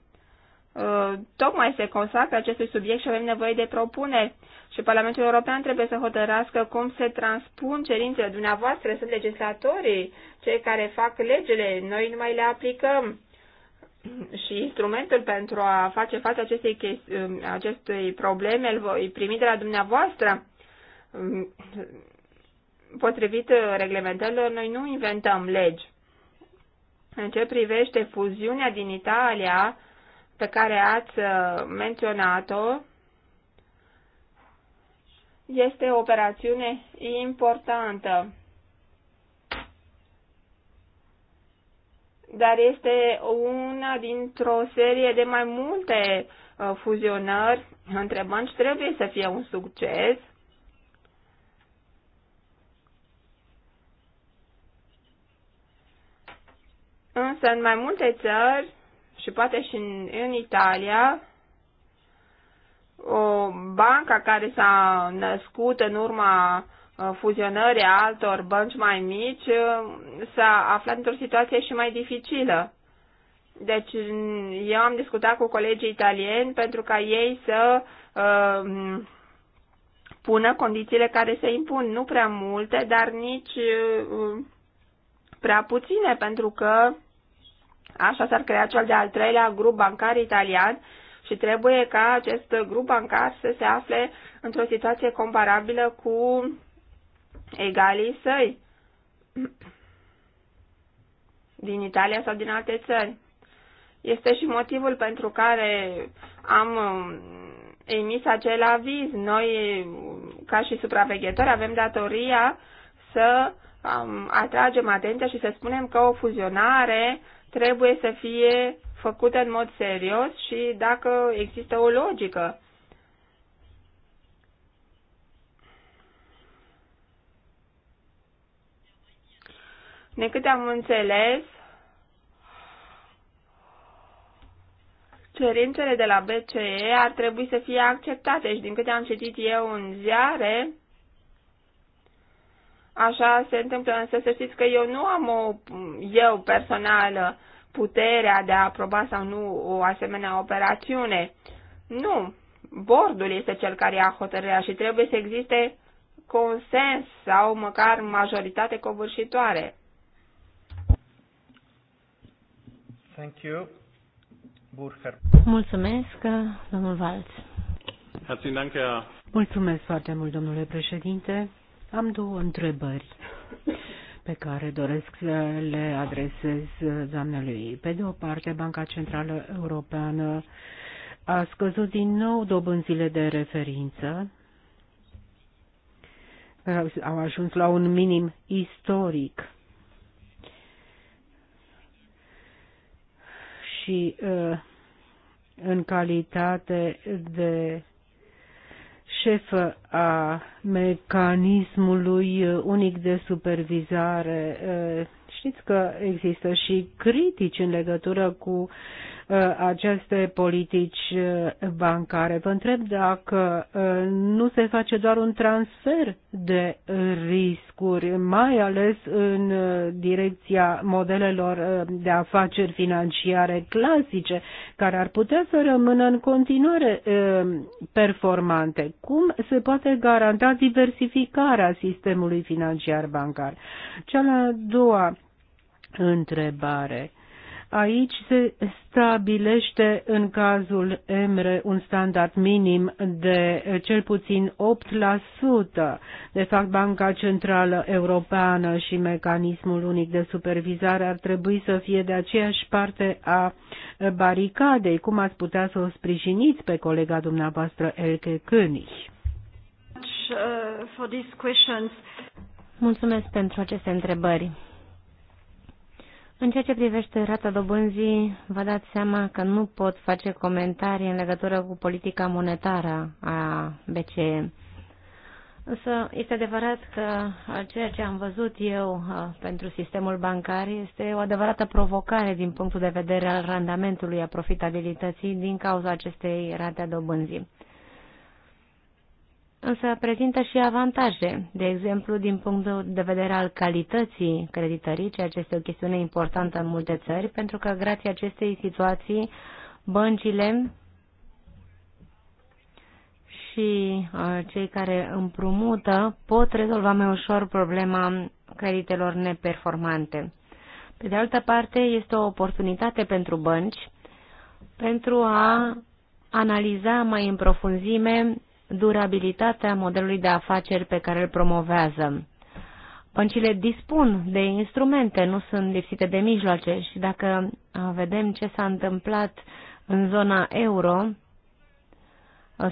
Uh, tocmai se consacră acestui subiect și avem nevoie de propuneri. Și Parlamentul European trebuie să hotărască cum se transpun cerințele dumneavoastră, sunt legislatorii, cei care fac legile, noi nu mai le aplicăm. Și instrumentul pentru a face față acestei, uh, acestei probleme îl voi primi de la dumneavoastră. Um, potrivit reglementărilor, noi nu inventăm legi. În ce privește fuziunea din Italia, pe care ați uh, menționat-o este o operațiune importantă, dar este una dintr-o serie de mai multe uh, fuzionări între bănci. Trebuie să fie un succes. Însă, în mai multe țări, și poate și în, în Italia, o banca care s-a născut în urma uh, fuzionării altor bănci mai mici uh, s-a aflat într-o situație și mai dificilă. Deci eu am discutat cu colegii italieni pentru ca ei să uh, pună condițiile care se impun, nu prea multe, dar nici uh, prea puține, pentru că Așa s-ar crea cel de-al treilea grup bancar italian și trebuie ca acest grup bancar să se afle într-o situație comparabilă cu egalii săi din Italia sau din alte țări. Este și motivul pentru care am um, emis acel aviz. Noi, ca și supraveghetori, avem datoria să um, atragem atenția și să spunem că o fuzionare trebuie să fie făcută în mod serios și dacă există o logică. De câte am înțeles, cerințele de la BCE ar trebui să fie acceptate și din câte am citit eu în ziare, Așa se întâmplă, însă să știți că eu nu am o, eu personală uh, puterea de a aproba sau nu o asemenea operațiune. Nu, bordul este cel care ia hotărârea și trebuie să existe consens sau măcar majoritate covârșitoare. Thank you. Mulțumesc, domnul Valț. Mulțumesc foarte mult, domnule președinte. Am două întrebări pe care doresc să le adresez doamnelui. Pe de o parte, Banca Centrală Europeană a scăzut din nou dobânzile de referință, au ajuns la un minim istoric. Și uh, în calitate de șefă a mecanismului unic de supervizare eh, Știți că există și critici în legătură cu uh, aceste politici uh, bancare. Vă întreb dacă uh, nu se face doar un transfer de riscuri, mai ales în direcția modelelor de afaceri financiare clasice, care ar putea să rămână în continuare performante. Cum se poate garanta diversificarea sistemului financiar bancar? Cea a doua întrebare. Aici se stabilește în cazul EMRE un standard minim de cel puțin 8%. De fapt, Banca Centrală Europeană și Mecanismul Unic de Supervizare ar trebui să fie de aceeași parte a baricadei. Cum ați putea să o sprijiniți pe colega dumneavoastră Elke König? Uh, Mulțumesc pentru aceste întrebări. În ceea ce privește rata dobânzii, vă dați seama că nu pot face comentarii în legătură cu politica monetară a BCE. Însă este adevărat că ceea ce am văzut eu uh, pentru sistemul bancar este o adevărată provocare din punctul de vedere al randamentului, a profitabilității din cauza acestei rate a dobânzii însă prezintă și avantaje, de exemplu, din punctul de vedere al calității creditării, ceea ce este o chestiune importantă în multe țări, pentru că grație acestei situații băncile și uh, cei care împrumută pot rezolva mai ușor problema creditelor neperformante. Pe de altă parte, este o oportunitate pentru bănci pentru a analiza mai în profunzime durabilitatea modelului de afaceri pe care îl promovează. Băncile dispun de instrumente, nu sunt lipsite de mijloace și dacă vedem ce s-a întâmplat în zona euro,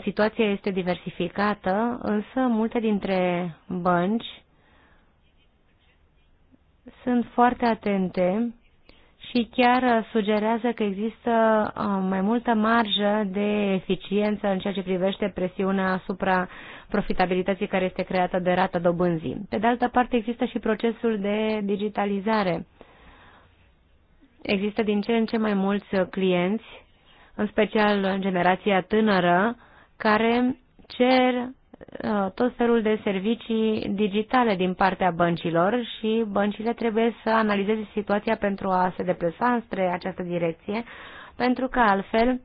situația este diversificată, însă multe dintre bănci sunt foarte atente și chiar sugerează că există uh, mai multă marjă de eficiență în ceea ce privește presiunea asupra profitabilității care este creată de rata dobânzii. Pe de altă parte, există și procesul de digitalizare. Există din ce în ce mai mulți clienți, în special generația tânără, care cer Uh, tot felul de servicii digitale din partea băncilor și băncile trebuie să analizeze situația pentru a se deplasa înspre această direcție, pentru că altfel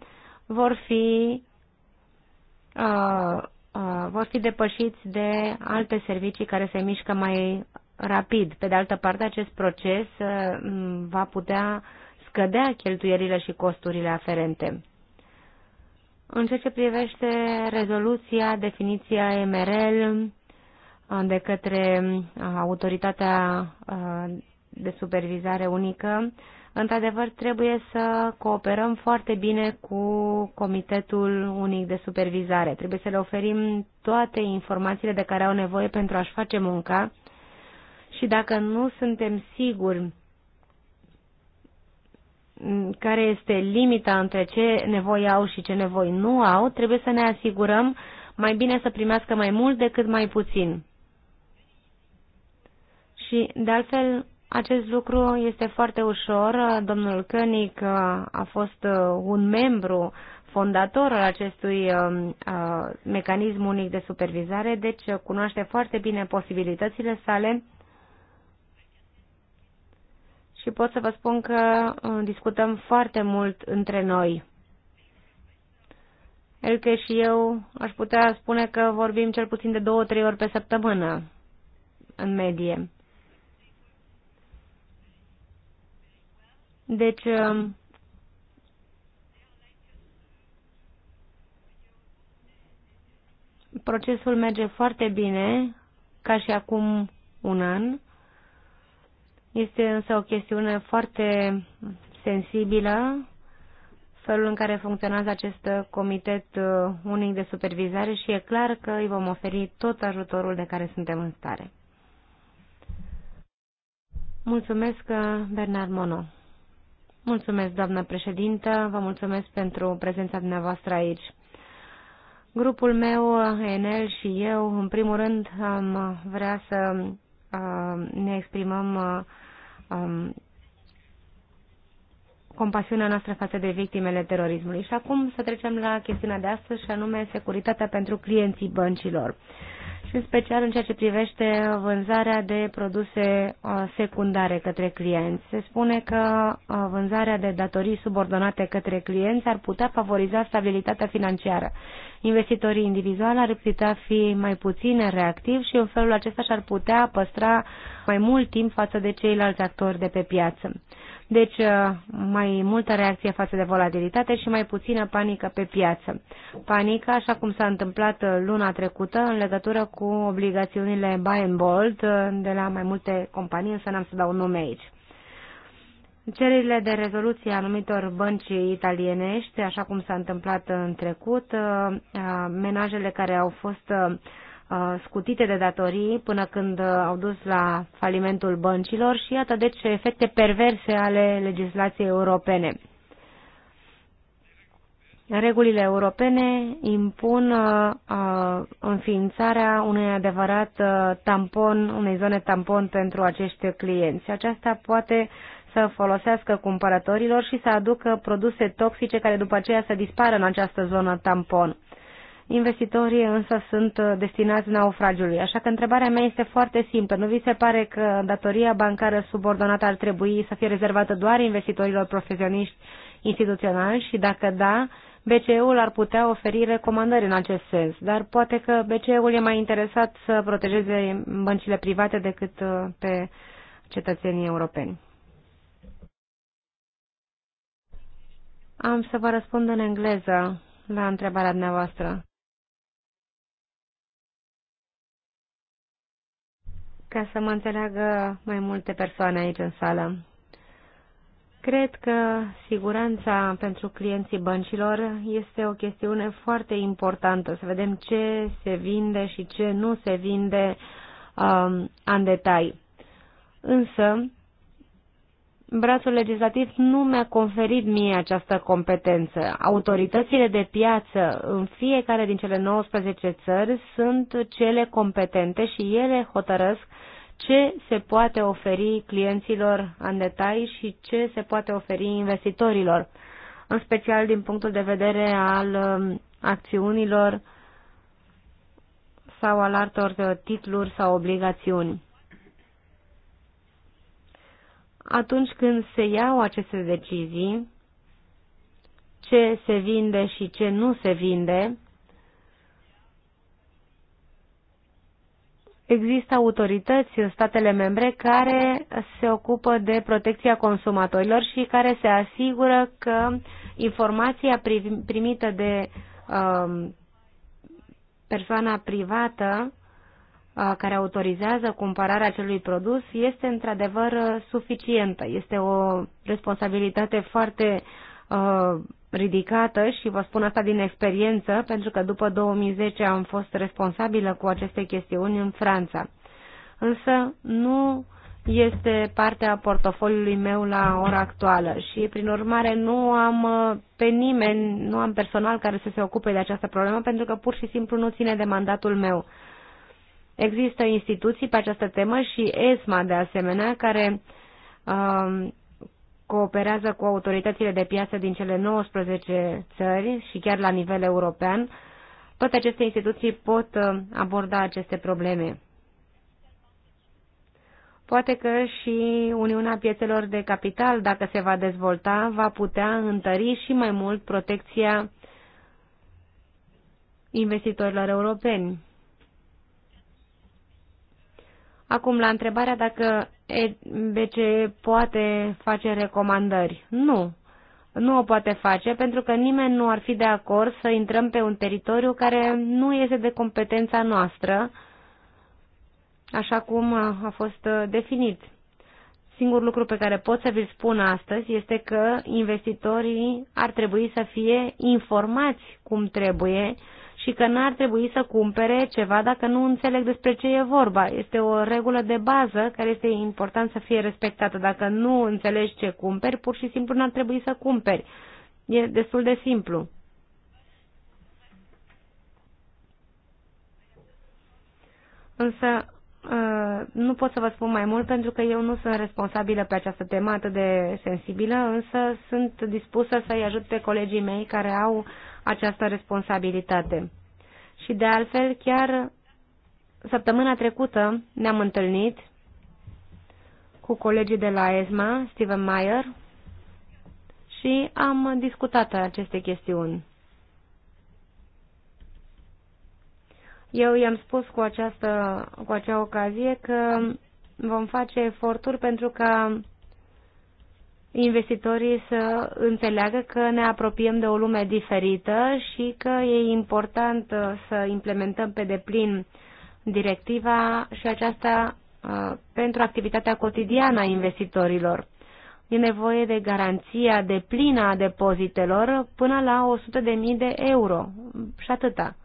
vor fi, uh, uh, vor fi depășiți de alte servicii care se mișcă mai rapid. Pe de altă parte, acest proces uh, va putea scădea cheltuierile și costurile aferente. În ceea ce privește rezoluția, definiția MRL uh, de către uh, autoritatea uh, de supervizare unică, într-adevăr trebuie să cooperăm foarte bine cu Comitetul Unic de Supervizare. Trebuie să le oferim toate informațiile de care au nevoie pentru a-și face munca și dacă nu suntem siguri care este limita între ce nevoi au și ce nevoi nu au, trebuie să ne asigurăm mai bine să primească mai mult decât mai puțin. Și, de altfel, acest lucru este foarte ușor. Domnul Cănic uh, a fost uh, un membru fondator al acestui uh, mecanism unic de supervizare, deci cunoaște foarte bine posibilitățile sale și pot să vă spun că uh, discutăm foarte mult între noi. Elke și eu aș putea spune că vorbim cel puțin de două, trei ori pe săptămână, în medie. Deci, uh, procesul merge foarte bine, ca și acum un an. Este însă o chestiune foarte sensibilă, felul în care funcționează acest comitet uh, unic de supervizare și e clar că îi vom oferi tot ajutorul de care suntem în stare. Mulțumesc, uh, Bernard Mono. Mulțumesc, doamnă președintă, vă mulțumesc pentru prezența dumneavoastră aici. Grupul meu, uh, Enel și eu, în primul rând, am vrea să ne exprimăm uh, um, compasiunea noastră față de victimele terorismului. Și acum să trecem la chestiunea de astăzi și anume securitatea pentru clienții băncilor. Uh, și în special în ceea ce privește vânzarea de produse uh, secundare către clienți. Se spune că uh, vânzarea de datorii subordonate către clienți ar putea favoriza stabilitatea financiară. Investitorii individuali ar putea fi mai puțin reactivi și în felul acesta și-ar putea păstra mai mult timp față de ceilalți actori de pe piață. Deci uh, mai multă reacție față de volatilitate și mai puțină panică pe piață. Panica, așa cum s-a întâmplat uh, luna trecută în legătură cu obligațiunile buy and bold uh, de la mai multe companii, însă n-am să dau nume aici. Cererile de rezoluție a anumitor bănci italienești, așa cum s-a întâmplat în trecut, menajele care au fost Uh, scutite de datorii până când uh, au dus la falimentul băncilor și iată deci efecte perverse ale legislației europene. Regulile europene impun uh, uh, înființarea unui adevărat uh, tampon, unei zone tampon pentru acești clienți. Aceasta poate să folosească cumpărătorilor și să aducă produse toxice care după aceea să dispară în această zonă tampon. Uh, investitorii însă sunt uh, destinați naufragiului. Așa că întrebarea mea este foarte simplă. Nu vi se pare că datoria bancară subordonată ar trebui să fie rezervată doar investitorilor profesioniști instituționali și dacă da, BCE-ul ar putea oferi recomandări în acest sens, dar poate că BCE-ul e mai interesat să protejeze băncile private decât uh, pe cetățenii europeni. Am să vă răspund în engleză la întrebarea dumneavoastră. ca să mă înțeleagă mai multe persoane aici în sală. Cred că siguranța pentru clienții băncilor este o chestiune foarte importantă, să vedem ce se vinde și ce nu se vinde um, în detai. Însă, brațul legislativ nu mi-a conferit mie această competență. Autoritățile de piață în fiecare din cele 19 țări sunt cele competente și ele hotărăsc ce se poate oferi clienților în detalii și ce se poate oferi investitorilor, în special din punctul de vedere al um, acțiunilor sau al altor uh, titluri sau obligațiuni atunci când se iau aceste decizii, ce se vinde și ce nu se vinde, există autorități în statele membre care se ocupă de protecția consumatorilor și care se asigură că informația primită de uh, persoana privată care autorizează cumpărarea acelui produs este într-adevăr suficientă. Este o responsabilitate foarte uh, ridicată și vă spun asta din experiență, pentru că după 2010 am fost responsabilă cu aceste chestiuni în Franța. Însă nu este partea portofoliului meu la ora actuală și, prin urmare, nu am pe nimeni, nu am personal care să se ocupe de această problemă, pentru că pur și simplu nu ține de mandatul meu. Există instituții pe această temă și ESMA de asemenea care uh, cooperează cu autoritățile de piață din cele 19 țări și chiar la nivel european. Toate aceste instituții pot um, aborda aceste probleme. Poate că și Uniunea Piețelor de Capital, dacă se va dezvolta, va putea întări și mai mult protecția investitorilor europeni. Acum, la întrebarea dacă BCE poate face recomandări. Nu, nu o poate face pentru că nimeni nu ar fi de acord să intrăm pe un teritoriu care nu este de competența noastră, așa cum a fost definit. Singurul lucru pe care pot să vi-l spun astăzi este că investitorii ar trebui să fie informați cum trebuie și că n-ar trebui să cumpere ceva dacă nu înțeleg despre ce e vorba. Este o regulă de bază care este important să fie respectată. Dacă nu înțelegi ce cumperi, pur și simplu n-ar trebui să cumperi. E destul de simplu. Însă uh, nu pot să vă spun mai mult pentru că eu nu sunt responsabilă pe această temă atât de sensibilă, însă sunt dispusă să-i ajut pe colegii mei care au această responsabilitate. Și de altfel, chiar săptămâna trecută ne-am întâlnit cu colegii de la ESMA, Steven Mayer, și am discutat aceste chestiuni. Eu i-am spus cu, această, cu acea ocazie că vom face eforturi pentru ca investitorii să înțeleagă că ne apropiem de o lume diferită și că e important uh, să implementăm pe deplin directiva și aceasta uh, pentru activitatea cotidiană a investitorilor. E nevoie de garanția de plină a depozitelor până la 100.000 de euro și atâta.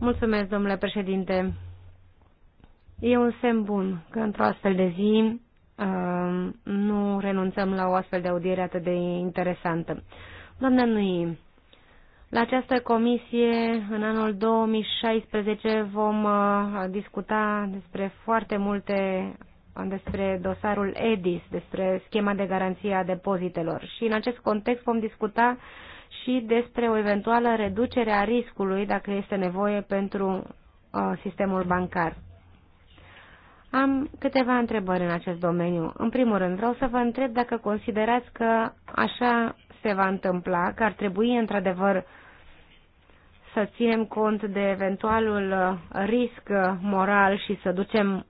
Mulțumesc, domnule președinte. E un semn bun că într-o astfel de zi um, nu renunțăm la o astfel de audiere atât de interesantă. Doamna Nui, la această comisie, în anul 2016, vom uh, discuta despre foarte multe, despre dosarul EDIS, despre schema de garanție a depozitelor. Și în acest context vom discuta uh, și despre o eventuală reducere a riscului dacă este nevoie pentru uh, sistemul bancar. Am câteva întrebări în acest domeniu. În primul rând, vreau să vă întreb dacă considerați că așa se va întâmpla, că ar trebui într-adevăr să ținem cont de eventualul uh, risc uh, moral și să ducem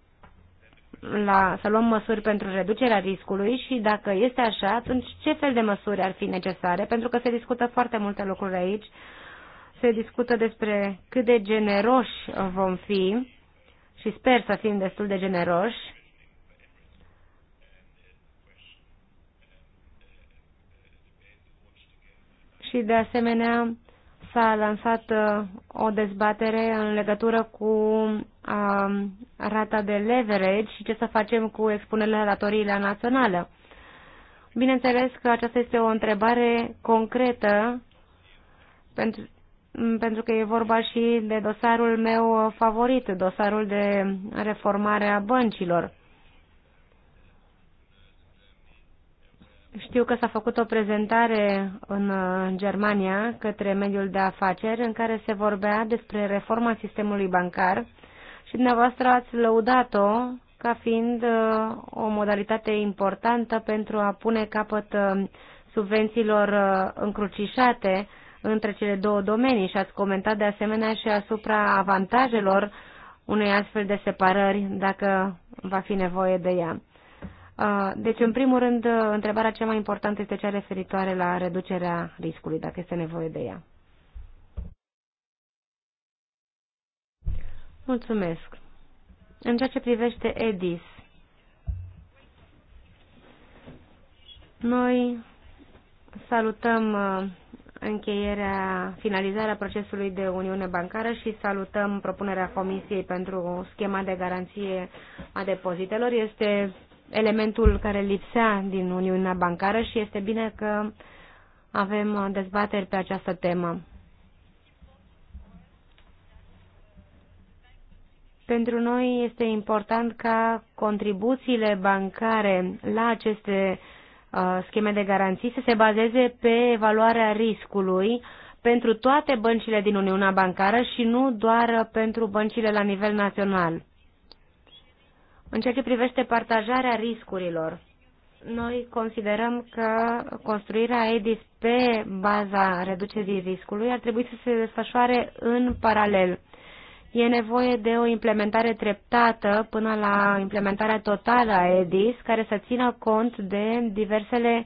la, să luăm măsuri pentru reducerea riscului și dacă este așa, atunci ce fel de măsuri ar fi necesare? Pentru că se discută foarte multe lucruri aici. Se discută despre cât de generoși vom fi și sper să fim destul de generoși. Și de asemenea, s-a lansat uh, o dezbatere în legătură cu um, rata de leverage și ce să facem cu expunerile datoriei la națională. Bineînțeles că aceasta este o întrebare concretă pentru, pentru că e vorba și de dosarul meu favorit, dosarul de reformare a băncilor. Știu că s-a făcut o prezentare în uh, Germania către mediul de afaceri în care se vorbea despre reforma sistemului bancar și dumneavoastră ați lăudat-o ca fiind uh, o modalitate importantă pentru a pune capăt uh, subvențiilor încrucișate între cele două domenii și ați comentat de asemenea și asupra avantajelor unei astfel de separări dacă va fi nevoie de ea. Deci, în primul rând, întrebarea cea mai importantă este cea referitoare la reducerea riscului, dacă este nevoie de ea. Mulțumesc. În ceea ce privește EDIS, noi salutăm uh, încheierea, finalizarea procesului de Uniune Bancară și salutăm propunerea Comisiei pentru schema de garanție a depozitelor. Este elementul care lipsea din Uniunea Bancară și este bine că avem uh, dezbateri pe această temă. Pentru noi este important ca contribuțiile bancare la aceste uh, scheme de garanții să se bazeze pe evaluarea riscului pentru toate băncile din Uniunea Bancară și nu doar pentru băncile la nivel național. În ceea ce privește partajarea riscurilor, noi considerăm că construirea EDIS pe baza reducerii riscului ar trebui să se desfășoare în paralel. E nevoie de o implementare treptată până la implementarea totală a EDIS, care să țină cont de diversele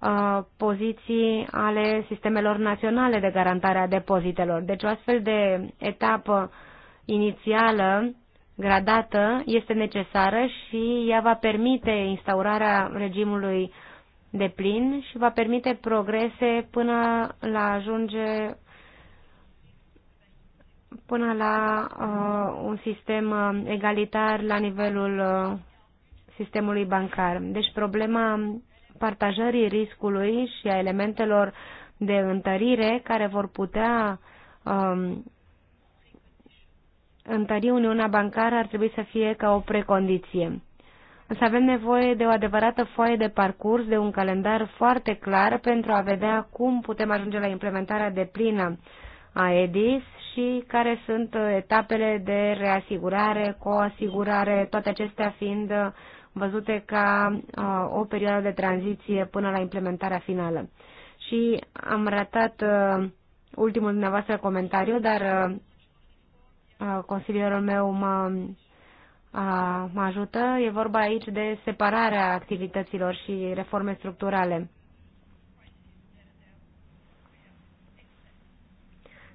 uh, poziții ale sistemelor naționale de garantare a depozitelor. Deci o astfel de etapă inițială gradată este necesară și ea va permite instaurarea regimului de plin și va permite progrese până la ajunge până la uh, un sistem uh, egalitar la nivelul uh, sistemului bancar. Deci problema partajării riscului și a elementelor de întărire care vor putea uh, întări Uniunea Bancară ar trebui să fie ca o precondiție. Însă avem nevoie de o adevărată foaie de parcurs, de un calendar foarte clar pentru a vedea cum putem ajunge la implementarea de plină a EDIS și care sunt etapele de reasigurare, coasigurare, toate acestea fiind văzute ca uh, o perioadă de tranziție până la implementarea finală. Și am ratat uh, ultimul dumneavoastră comentariu, dar uh, consilierul meu mă, a, mă ajută. E vorba aici de separarea activităților și reforme structurale.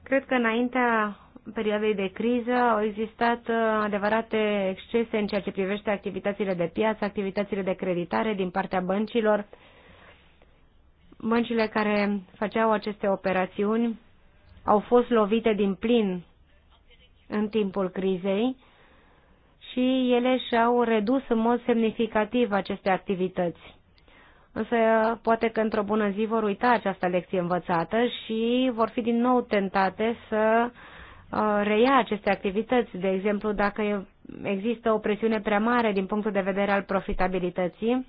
Cred că înaintea perioadei de criză au existat adevărate excese în ceea ce privește activitățile de piață, activitățile de creditare din partea băncilor. Băncile care făceau aceste operațiuni au fost lovite din plin în timpul crizei și ele și-au redus în mod semnificativ aceste activități. Însă poate că într-o bună zi vor uita această lecție învățată și vor fi din nou tentate să uh, reia aceste activități. De exemplu, dacă există o presiune prea mare din punctul de vedere al profitabilității,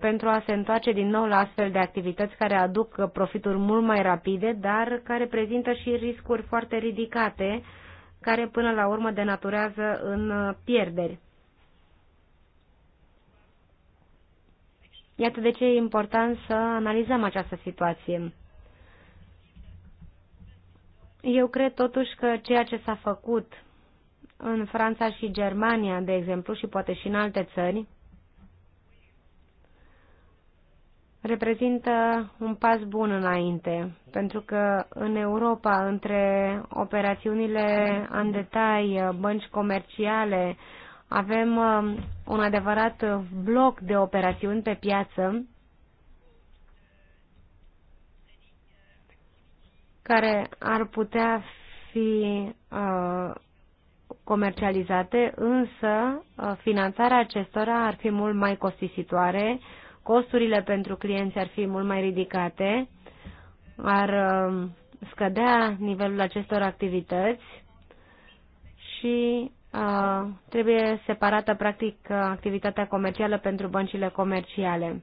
pentru a se întoarce din nou la astfel de activități care aduc profituri mult mai rapide, dar care prezintă și riscuri foarte ridicate care până la urmă denaturează în uh, pierderi. Iată de ce e important să analizăm această situație. Eu cred totuși că ceea ce s-a făcut în Franța și Germania, de exemplu, și poate și în alte țări, reprezintă un pas bun înainte, pentru că în Europa, între operațiunile în detai, bănci comerciale, avem uh, un adevărat bloc de operațiuni pe piață care ar putea fi uh, comercializate, însă uh, finanțarea acestora ar fi mult mai costisitoare costurile pentru clienți ar fi mult mai ridicate, ar um, scădea nivelul acestor activități și uh, trebuie separată practic activitatea comercială pentru băncile comerciale.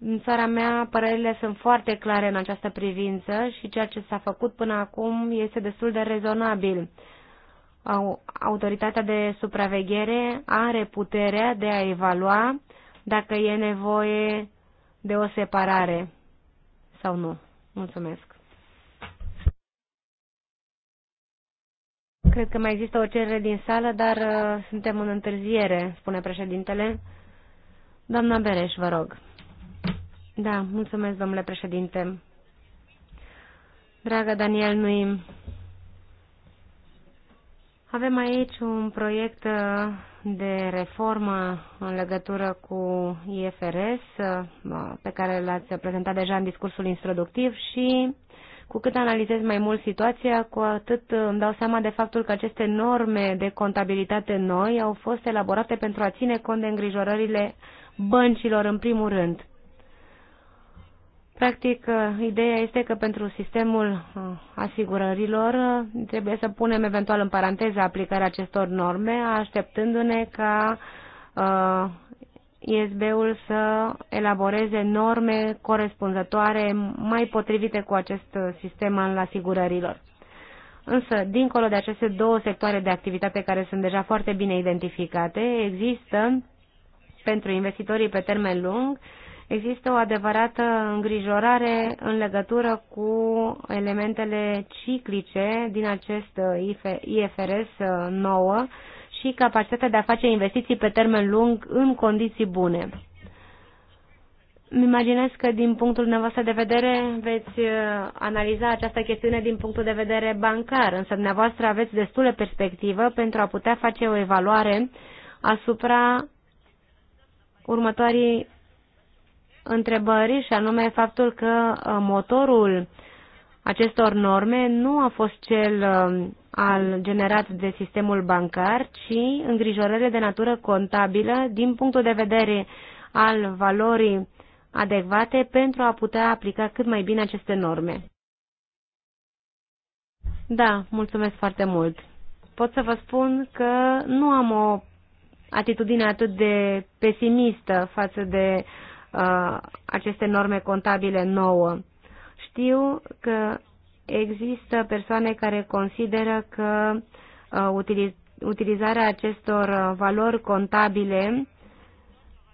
În țara mea, părerile sunt foarte clare în această privință și ceea ce s-a făcut până acum este destul de rezonabil. Autoritatea de supraveghere are puterea de a evalua dacă e nevoie de o separare sau nu. Mulțumesc. Cred că mai există o cerere din sală, dar uh, suntem în întârziere, spune președintele. Doamna Bereș, vă rog. Da, mulțumesc, domnule președinte. Dragă Daniel Nuim, avem aici un proiect uh, de reformă în legătură cu IFRS, pe care l-ați prezentat deja în discursul introductiv și cu cât analizez mai mult situația, cu atât îmi dau seama de faptul că aceste norme de contabilitate noi au fost elaborate pentru a ține cont de îngrijorările băncilor în primul rând. Practic, uh, ideea este că pentru sistemul uh, asigurărilor uh, trebuie să punem eventual în paranteză aplicarea acestor norme, așteptându-ne ca ISB-ul să elaboreze norme corespunzătoare mai potrivite cu acest sistem al asigurărilor. Însă, dincolo de aceste două sectoare de activitate care sunt deja foarte bine identificate, există pentru investitorii pe termen lung Există o adevărată îngrijorare în legătură cu elementele ciclice din acest IFRS 9 uh, și capacitatea de a face investiții pe termen lung în condiții bune. Îmi imaginez că din punctul dumneavoastră de vedere veți uh, analiza această chestiune din punctul de vedere bancar, însă dumneavoastră aveți destulă perspectivă pentru a putea face o evaluare asupra următoarei întrebări și anume faptul că uh, motorul acestor norme nu a fost cel uh, al generat de sistemul bancar, ci îngrijorările de natură contabilă din punctul de vedere al valorii adecvate pentru a putea aplica cât mai bine aceste norme. Da, mulțumesc foarte mult. Pot să vă spun că nu am o atitudine atât de pesimistă față de uh, Uh, aceste norme contabile nouă. Știu că există persoane care consideră că uh, utilizarea acestor uh, valori contabile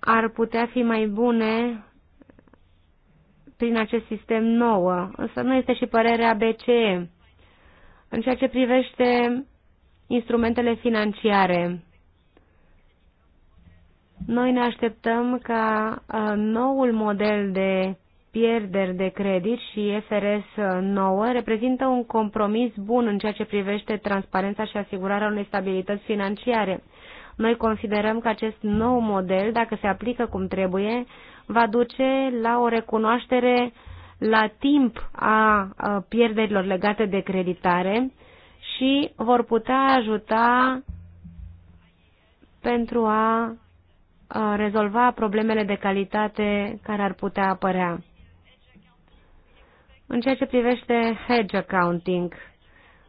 ar putea fi mai bune prin acest sistem nou, însă nu este și părerea BCE. În ceea ce privește instrumentele financiare, noi ne așteptăm ca uh, noul model de pierderi de credit și FRS 9 uh, reprezintă un compromis bun în ceea ce privește transparența și asigurarea unei stabilități financiare. Noi considerăm că acest nou model, dacă se aplică cum trebuie, va duce la o recunoaștere la timp a uh, pierderilor legate de creditare și vor putea ajuta pentru a rezolva problemele de calitate care ar putea apărea. În ceea ce privește hedge accounting,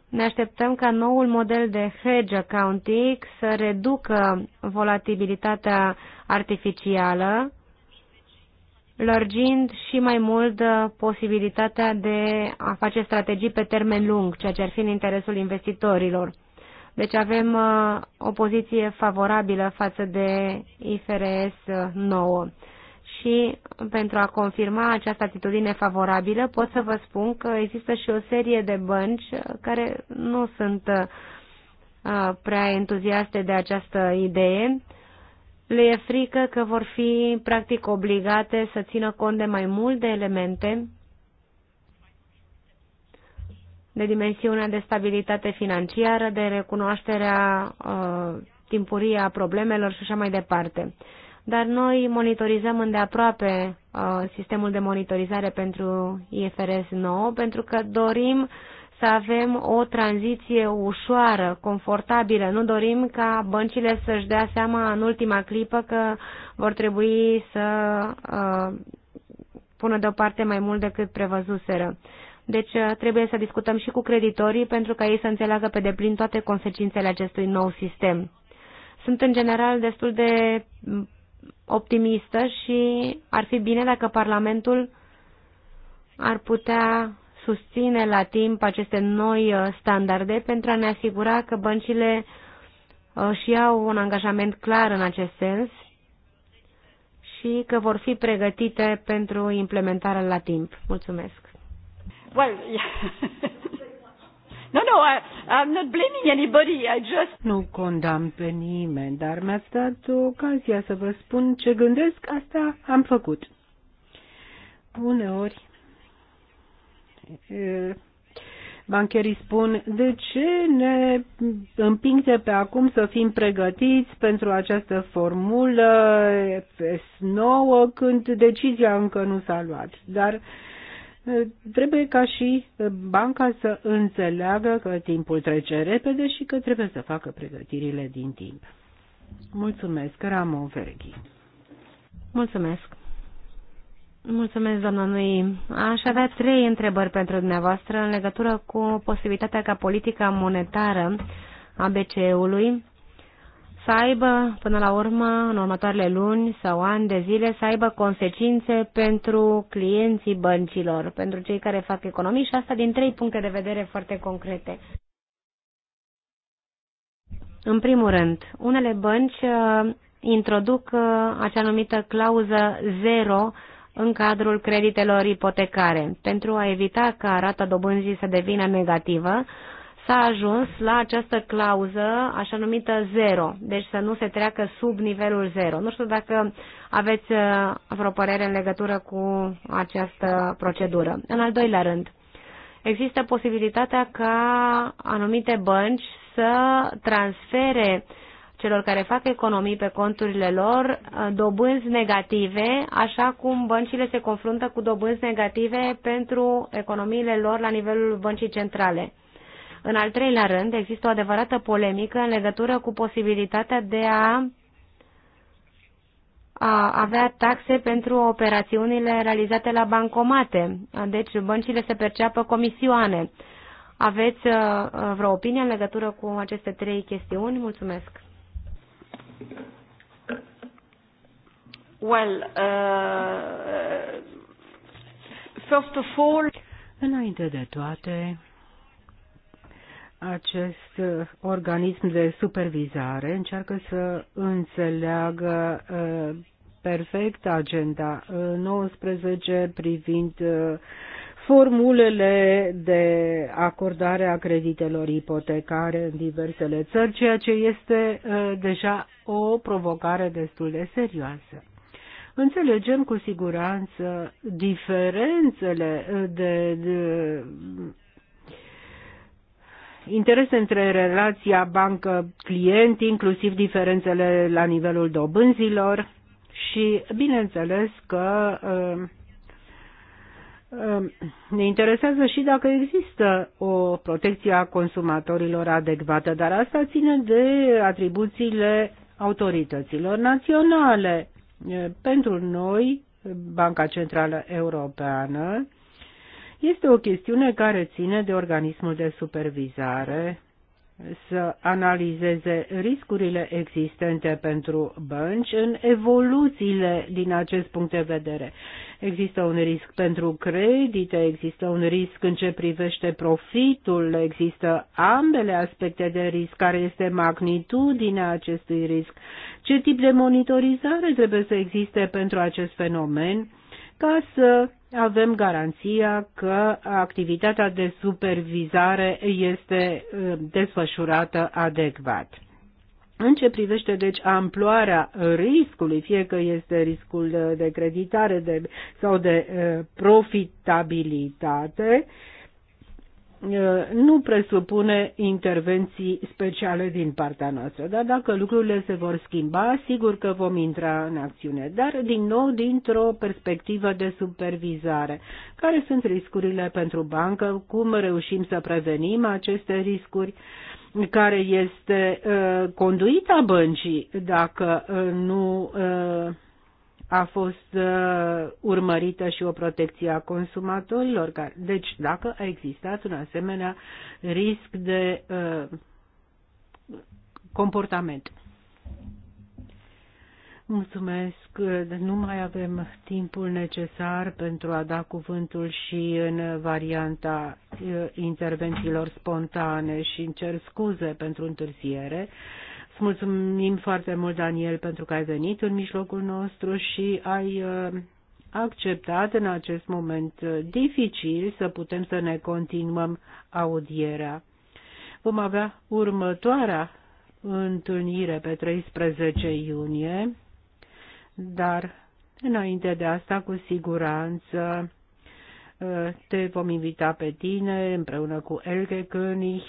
ne așteptăm ca noul model de hedge accounting să reducă volatilitatea artificială, lărgind și mai mult uh, posibilitatea de a face strategii pe termen lung, ceea ce ar fi în interesul investitorilor. Deci avem uh, o poziție favorabilă față de IFRS 9. Uh, și pentru a confirma această atitudine favorabilă, pot să vă spun că există și o serie de bănci care nu sunt uh, prea entuziaste de această idee. Le e frică că vor fi practic obligate să țină cont de mai multe elemente de dimensiunea de stabilitate financiară, de recunoașterea uh, timpurie a problemelor și așa mai departe. Dar noi monitorizăm îndeaproape uh, sistemul de monitorizare pentru IFRS 9 pentru că dorim să avem o tranziție ușoară, confortabilă. Nu dorim ca băncile să-și dea seama în ultima clipă că vor trebui să uh, pună deoparte mai mult decât prevăzuseră. Uh, deci uh, trebuie să discutăm și cu creditorii pentru ca ei să înțeleagă pe deplin toate consecințele acestui nou sistem. Sunt în general destul de mm, optimistă și ar fi bine dacă Parlamentul ar putea susține la timp aceste noi uh, standarde pentru a ne asigura că băncile uh, și au un angajament clar în acest sens și că vor fi pregătite pentru implementarea la timp. Mulțumesc! well, <laughs> yeah. No, no, I, I'm not blaming anybody, I just... Nu condamn pe nimeni, dar mi-ați dat ocazia să vă spun ce gândesc, asta am făcut. Uneori, e, bancherii spun, de ce ne împinge pe acum să fim pregătiți pentru această formulă FS9 când decizia încă nu s-a luat? Dar uh, Trebuie ca și banca să înțeleagă că timpul trece repede și că trebuie să facă pregătirile din timp. Mulțumesc, Ramon Verghi. Mulțumesc. Mulțumesc, doamna Nui. Aș avea trei întrebări pentru dumneavoastră în legătură cu posibilitatea ca politica monetară a BCE-ului să aibă până la urmă, în următoarele luni sau ani de zile, să aibă consecințe pentru clienții băncilor, pentru cei care fac economii și asta din trei puncte de vedere foarte concrete. În primul rând, unele bănci uh, introduc uh, acea numită clauză zero în cadrul creditelor ipotecare, pentru a evita ca rata dobânzii să devină negativă, s-a ajuns la această clauză așa numită zero, deci să nu se treacă sub nivelul zero. Nu știu dacă aveți uh, vreo părere în legătură cu această procedură. În al doilea rând, există posibilitatea ca anumite bănci să transfere celor care fac economii pe conturile lor uh, dobânzi negative, așa cum băncile se confruntă cu dobânzi negative pentru economiile lor la nivelul băncii centrale. În al treilea rând, există o adevărată polemică în legătură cu posibilitatea de a a avea taxe pentru operațiunile realizate la bancomate. Deci băncile se perceapă comisioane. Aveți uh, vreo opinie în legătură cu aceste trei chestiuni? Mulțumesc. Well, uh, first of all... Înainte de toate, acest uh, organism de supervizare încearcă să înțeleagă uh, perfect agenda 19 uh, privind formulele de acordare a creditelor ipotecare în diversele țări, ceea ce este deja o provocare destul de serioasă. Înțelegem cu siguranță diferențele de, de interese între relația bancă-client, inclusiv diferențele la nivelul dobânzilor și, bineînțeles, că uh, uh, ne interesează și dacă există o protecție a consumatorilor adecvată, dar asta ține de atribuțiile autorităților naționale. Uh, pentru noi, Banca Centrală Europeană este o chestiune care ține de organismul de supervizare să analizeze riscurile existente pentru bănci în evoluțiile din acest punct de vedere. Există un risc pentru credite, există un risc în ce privește profitul, există ambele aspecte de risc, care este magnitudinea acestui risc, ce tip de monitorizare trebuie să existe pentru acest fenomen ca să avem garanția că activitatea de supervizare este uh, desfășurată adecvat. În ce privește, deci, amploarea riscului, fie că este riscul uh, de creditare de, sau de uh, profitabilitate, nu presupune intervenții speciale din partea noastră, dar dacă lucrurile se vor schimba, sigur că vom intra în acțiune, dar din nou dintr-o perspectivă de supervizare. Care sunt riscurile pentru bancă? Cum reușim să prevenim aceste riscuri? Care este uh, conduita băncii dacă uh, nu uh, a fost uh, urmărită și o protecție a consumatorilor. Care, deci, dacă a existat un asemenea risc de uh, comportament. Mulțumesc. Nu mai avem timpul necesar pentru a da cuvântul și în varianta uh, intervențiilor spontane și îmi scuze pentru întârziere. Îți mulțumim foarte mult, Daniel, pentru că ai venit în mijlocul nostru și ai uh, acceptat în acest moment uh, dificil să putem să ne continuăm audierea. Vom avea următoarea întâlnire pe 13 iunie, dar înainte de asta, cu siguranță, te vom invita pe tine împreună cu Elke König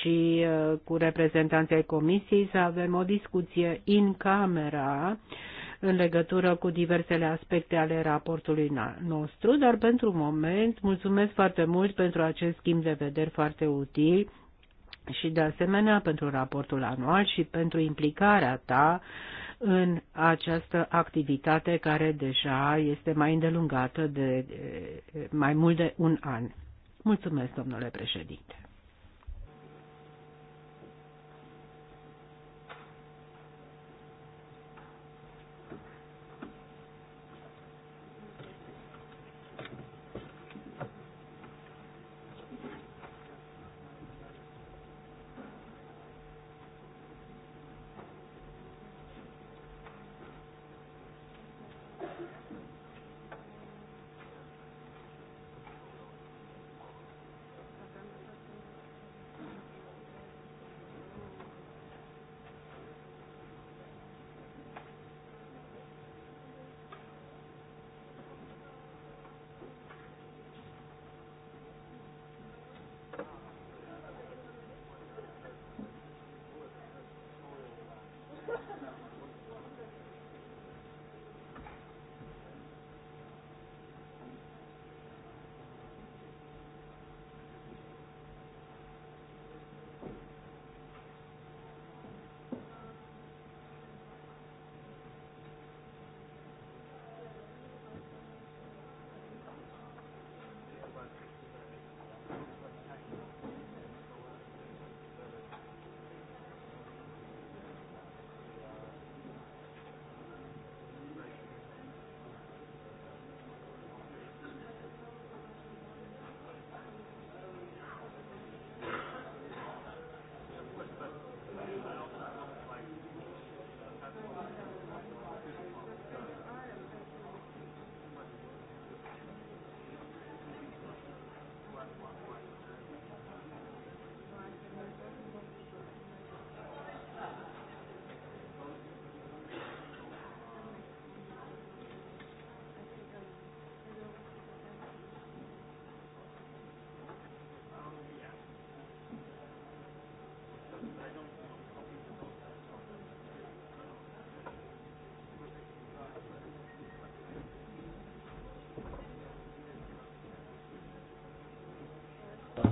și uh, cu reprezentanții ai comisiei să avem o discuție în camera în legătură cu diversele aspecte ale raportului nostru, dar pentru moment mulțumesc foarte mult pentru acest schimb de vederi foarte util și de asemenea pentru raportul anual și pentru implicarea ta uh, în această activitate care deja este mai îndelungată de mai mult de un an. Mulțumesc, domnule președinte.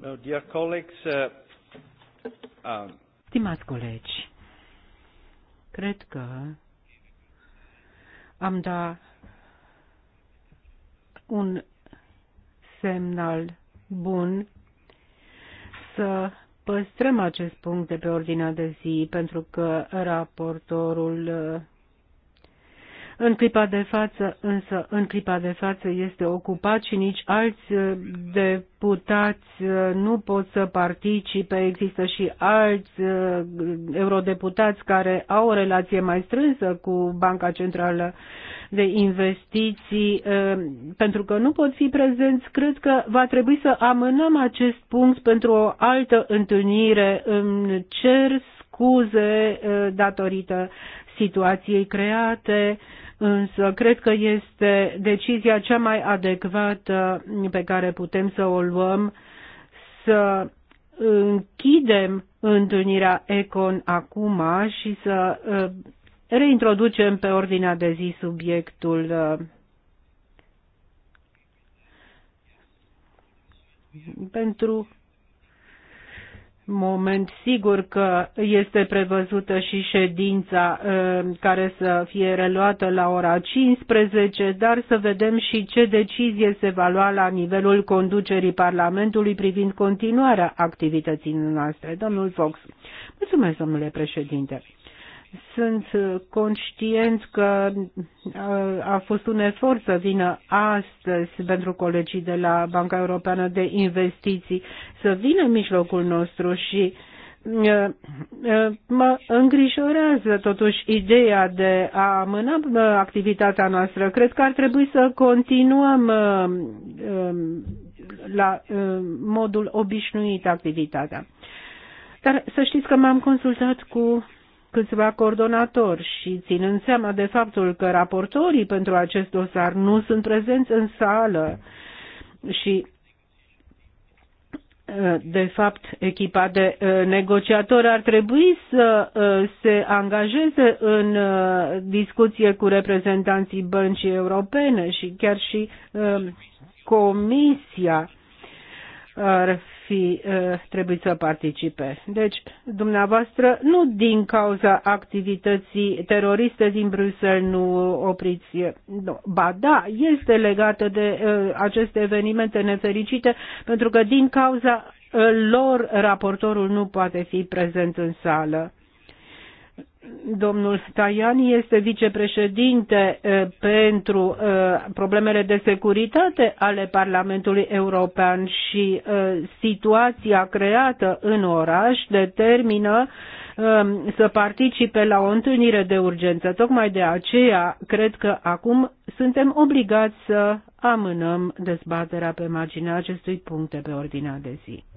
Uh, um, Stimați colegi, cred că am dat un semnal bun să păstrăm acest punct de pe ordinea de zi, pentru că raportorul uh, în clipa de față, însă, în clipa de față este ocupat și nici alți uh, deputați uh, nu pot să participe. Există și alți uh, eurodeputați care au o relație mai strânsă cu Banca Centrală de Investiții, pentru că nu pot fi prezenți. Cred că va trebui să amânăm acest punct pentru o altă întâlnire. Îmi cer scuze datorită situației create însă cred că este decizia cea mai adecvată pe care putem să o luăm să închidem întâlnirea Econ acum și să uh, reintroducem pe ordinea de zi subiectul uh, pentru moment sigur că este prevăzută și ședința ă, care să fie reluată la ora 15, dar să vedem și ce decizie se va lua la nivelul conducerii Parlamentului privind continuarea activității noastre. Domnul Fox. Mulțumesc, domnule președinte. Sunt uh, conștient că uh, a fost un efort să vină astăzi pentru colegii de la Banca Europeană de Investiții să vină în mijlocul nostru și uh, mă îngrijorează totuși ideea de a amâna activitatea noastră. Cred că ar trebui să continuăm um, la modul obișnuit activitatea. Dar să știți că m-am consultat cu câțiva coordonatori și ținând seama de faptul că raportorii pentru acest dosar nu sunt prezenți în sală și uh, de fapt, echipa de uh, negociatori ar trebui să uh, se angajeze în discuție cu reprezentanții băncii europene și chiar și comisia ar fi trebuit să participe. Deci, dumneavoastră, nu din cauza activității teroriste din Bruxelles nu opriți. Nu. Ba da, este legată de uh, aceste evenimente nefericite, pentru că din cauza uh, lor raportorul nu poate fi prezent în sală. Domnul Tajani este vicepreședinte pentru problemele de securitate ale Parlamentului European și situația creată în oraș determină să participe la o întâlnire de urgență. Tocmai de aceea cred că acum suntem obligați să amânăm dezbaterea pe marginea acestui punct de pe ordinea de zi.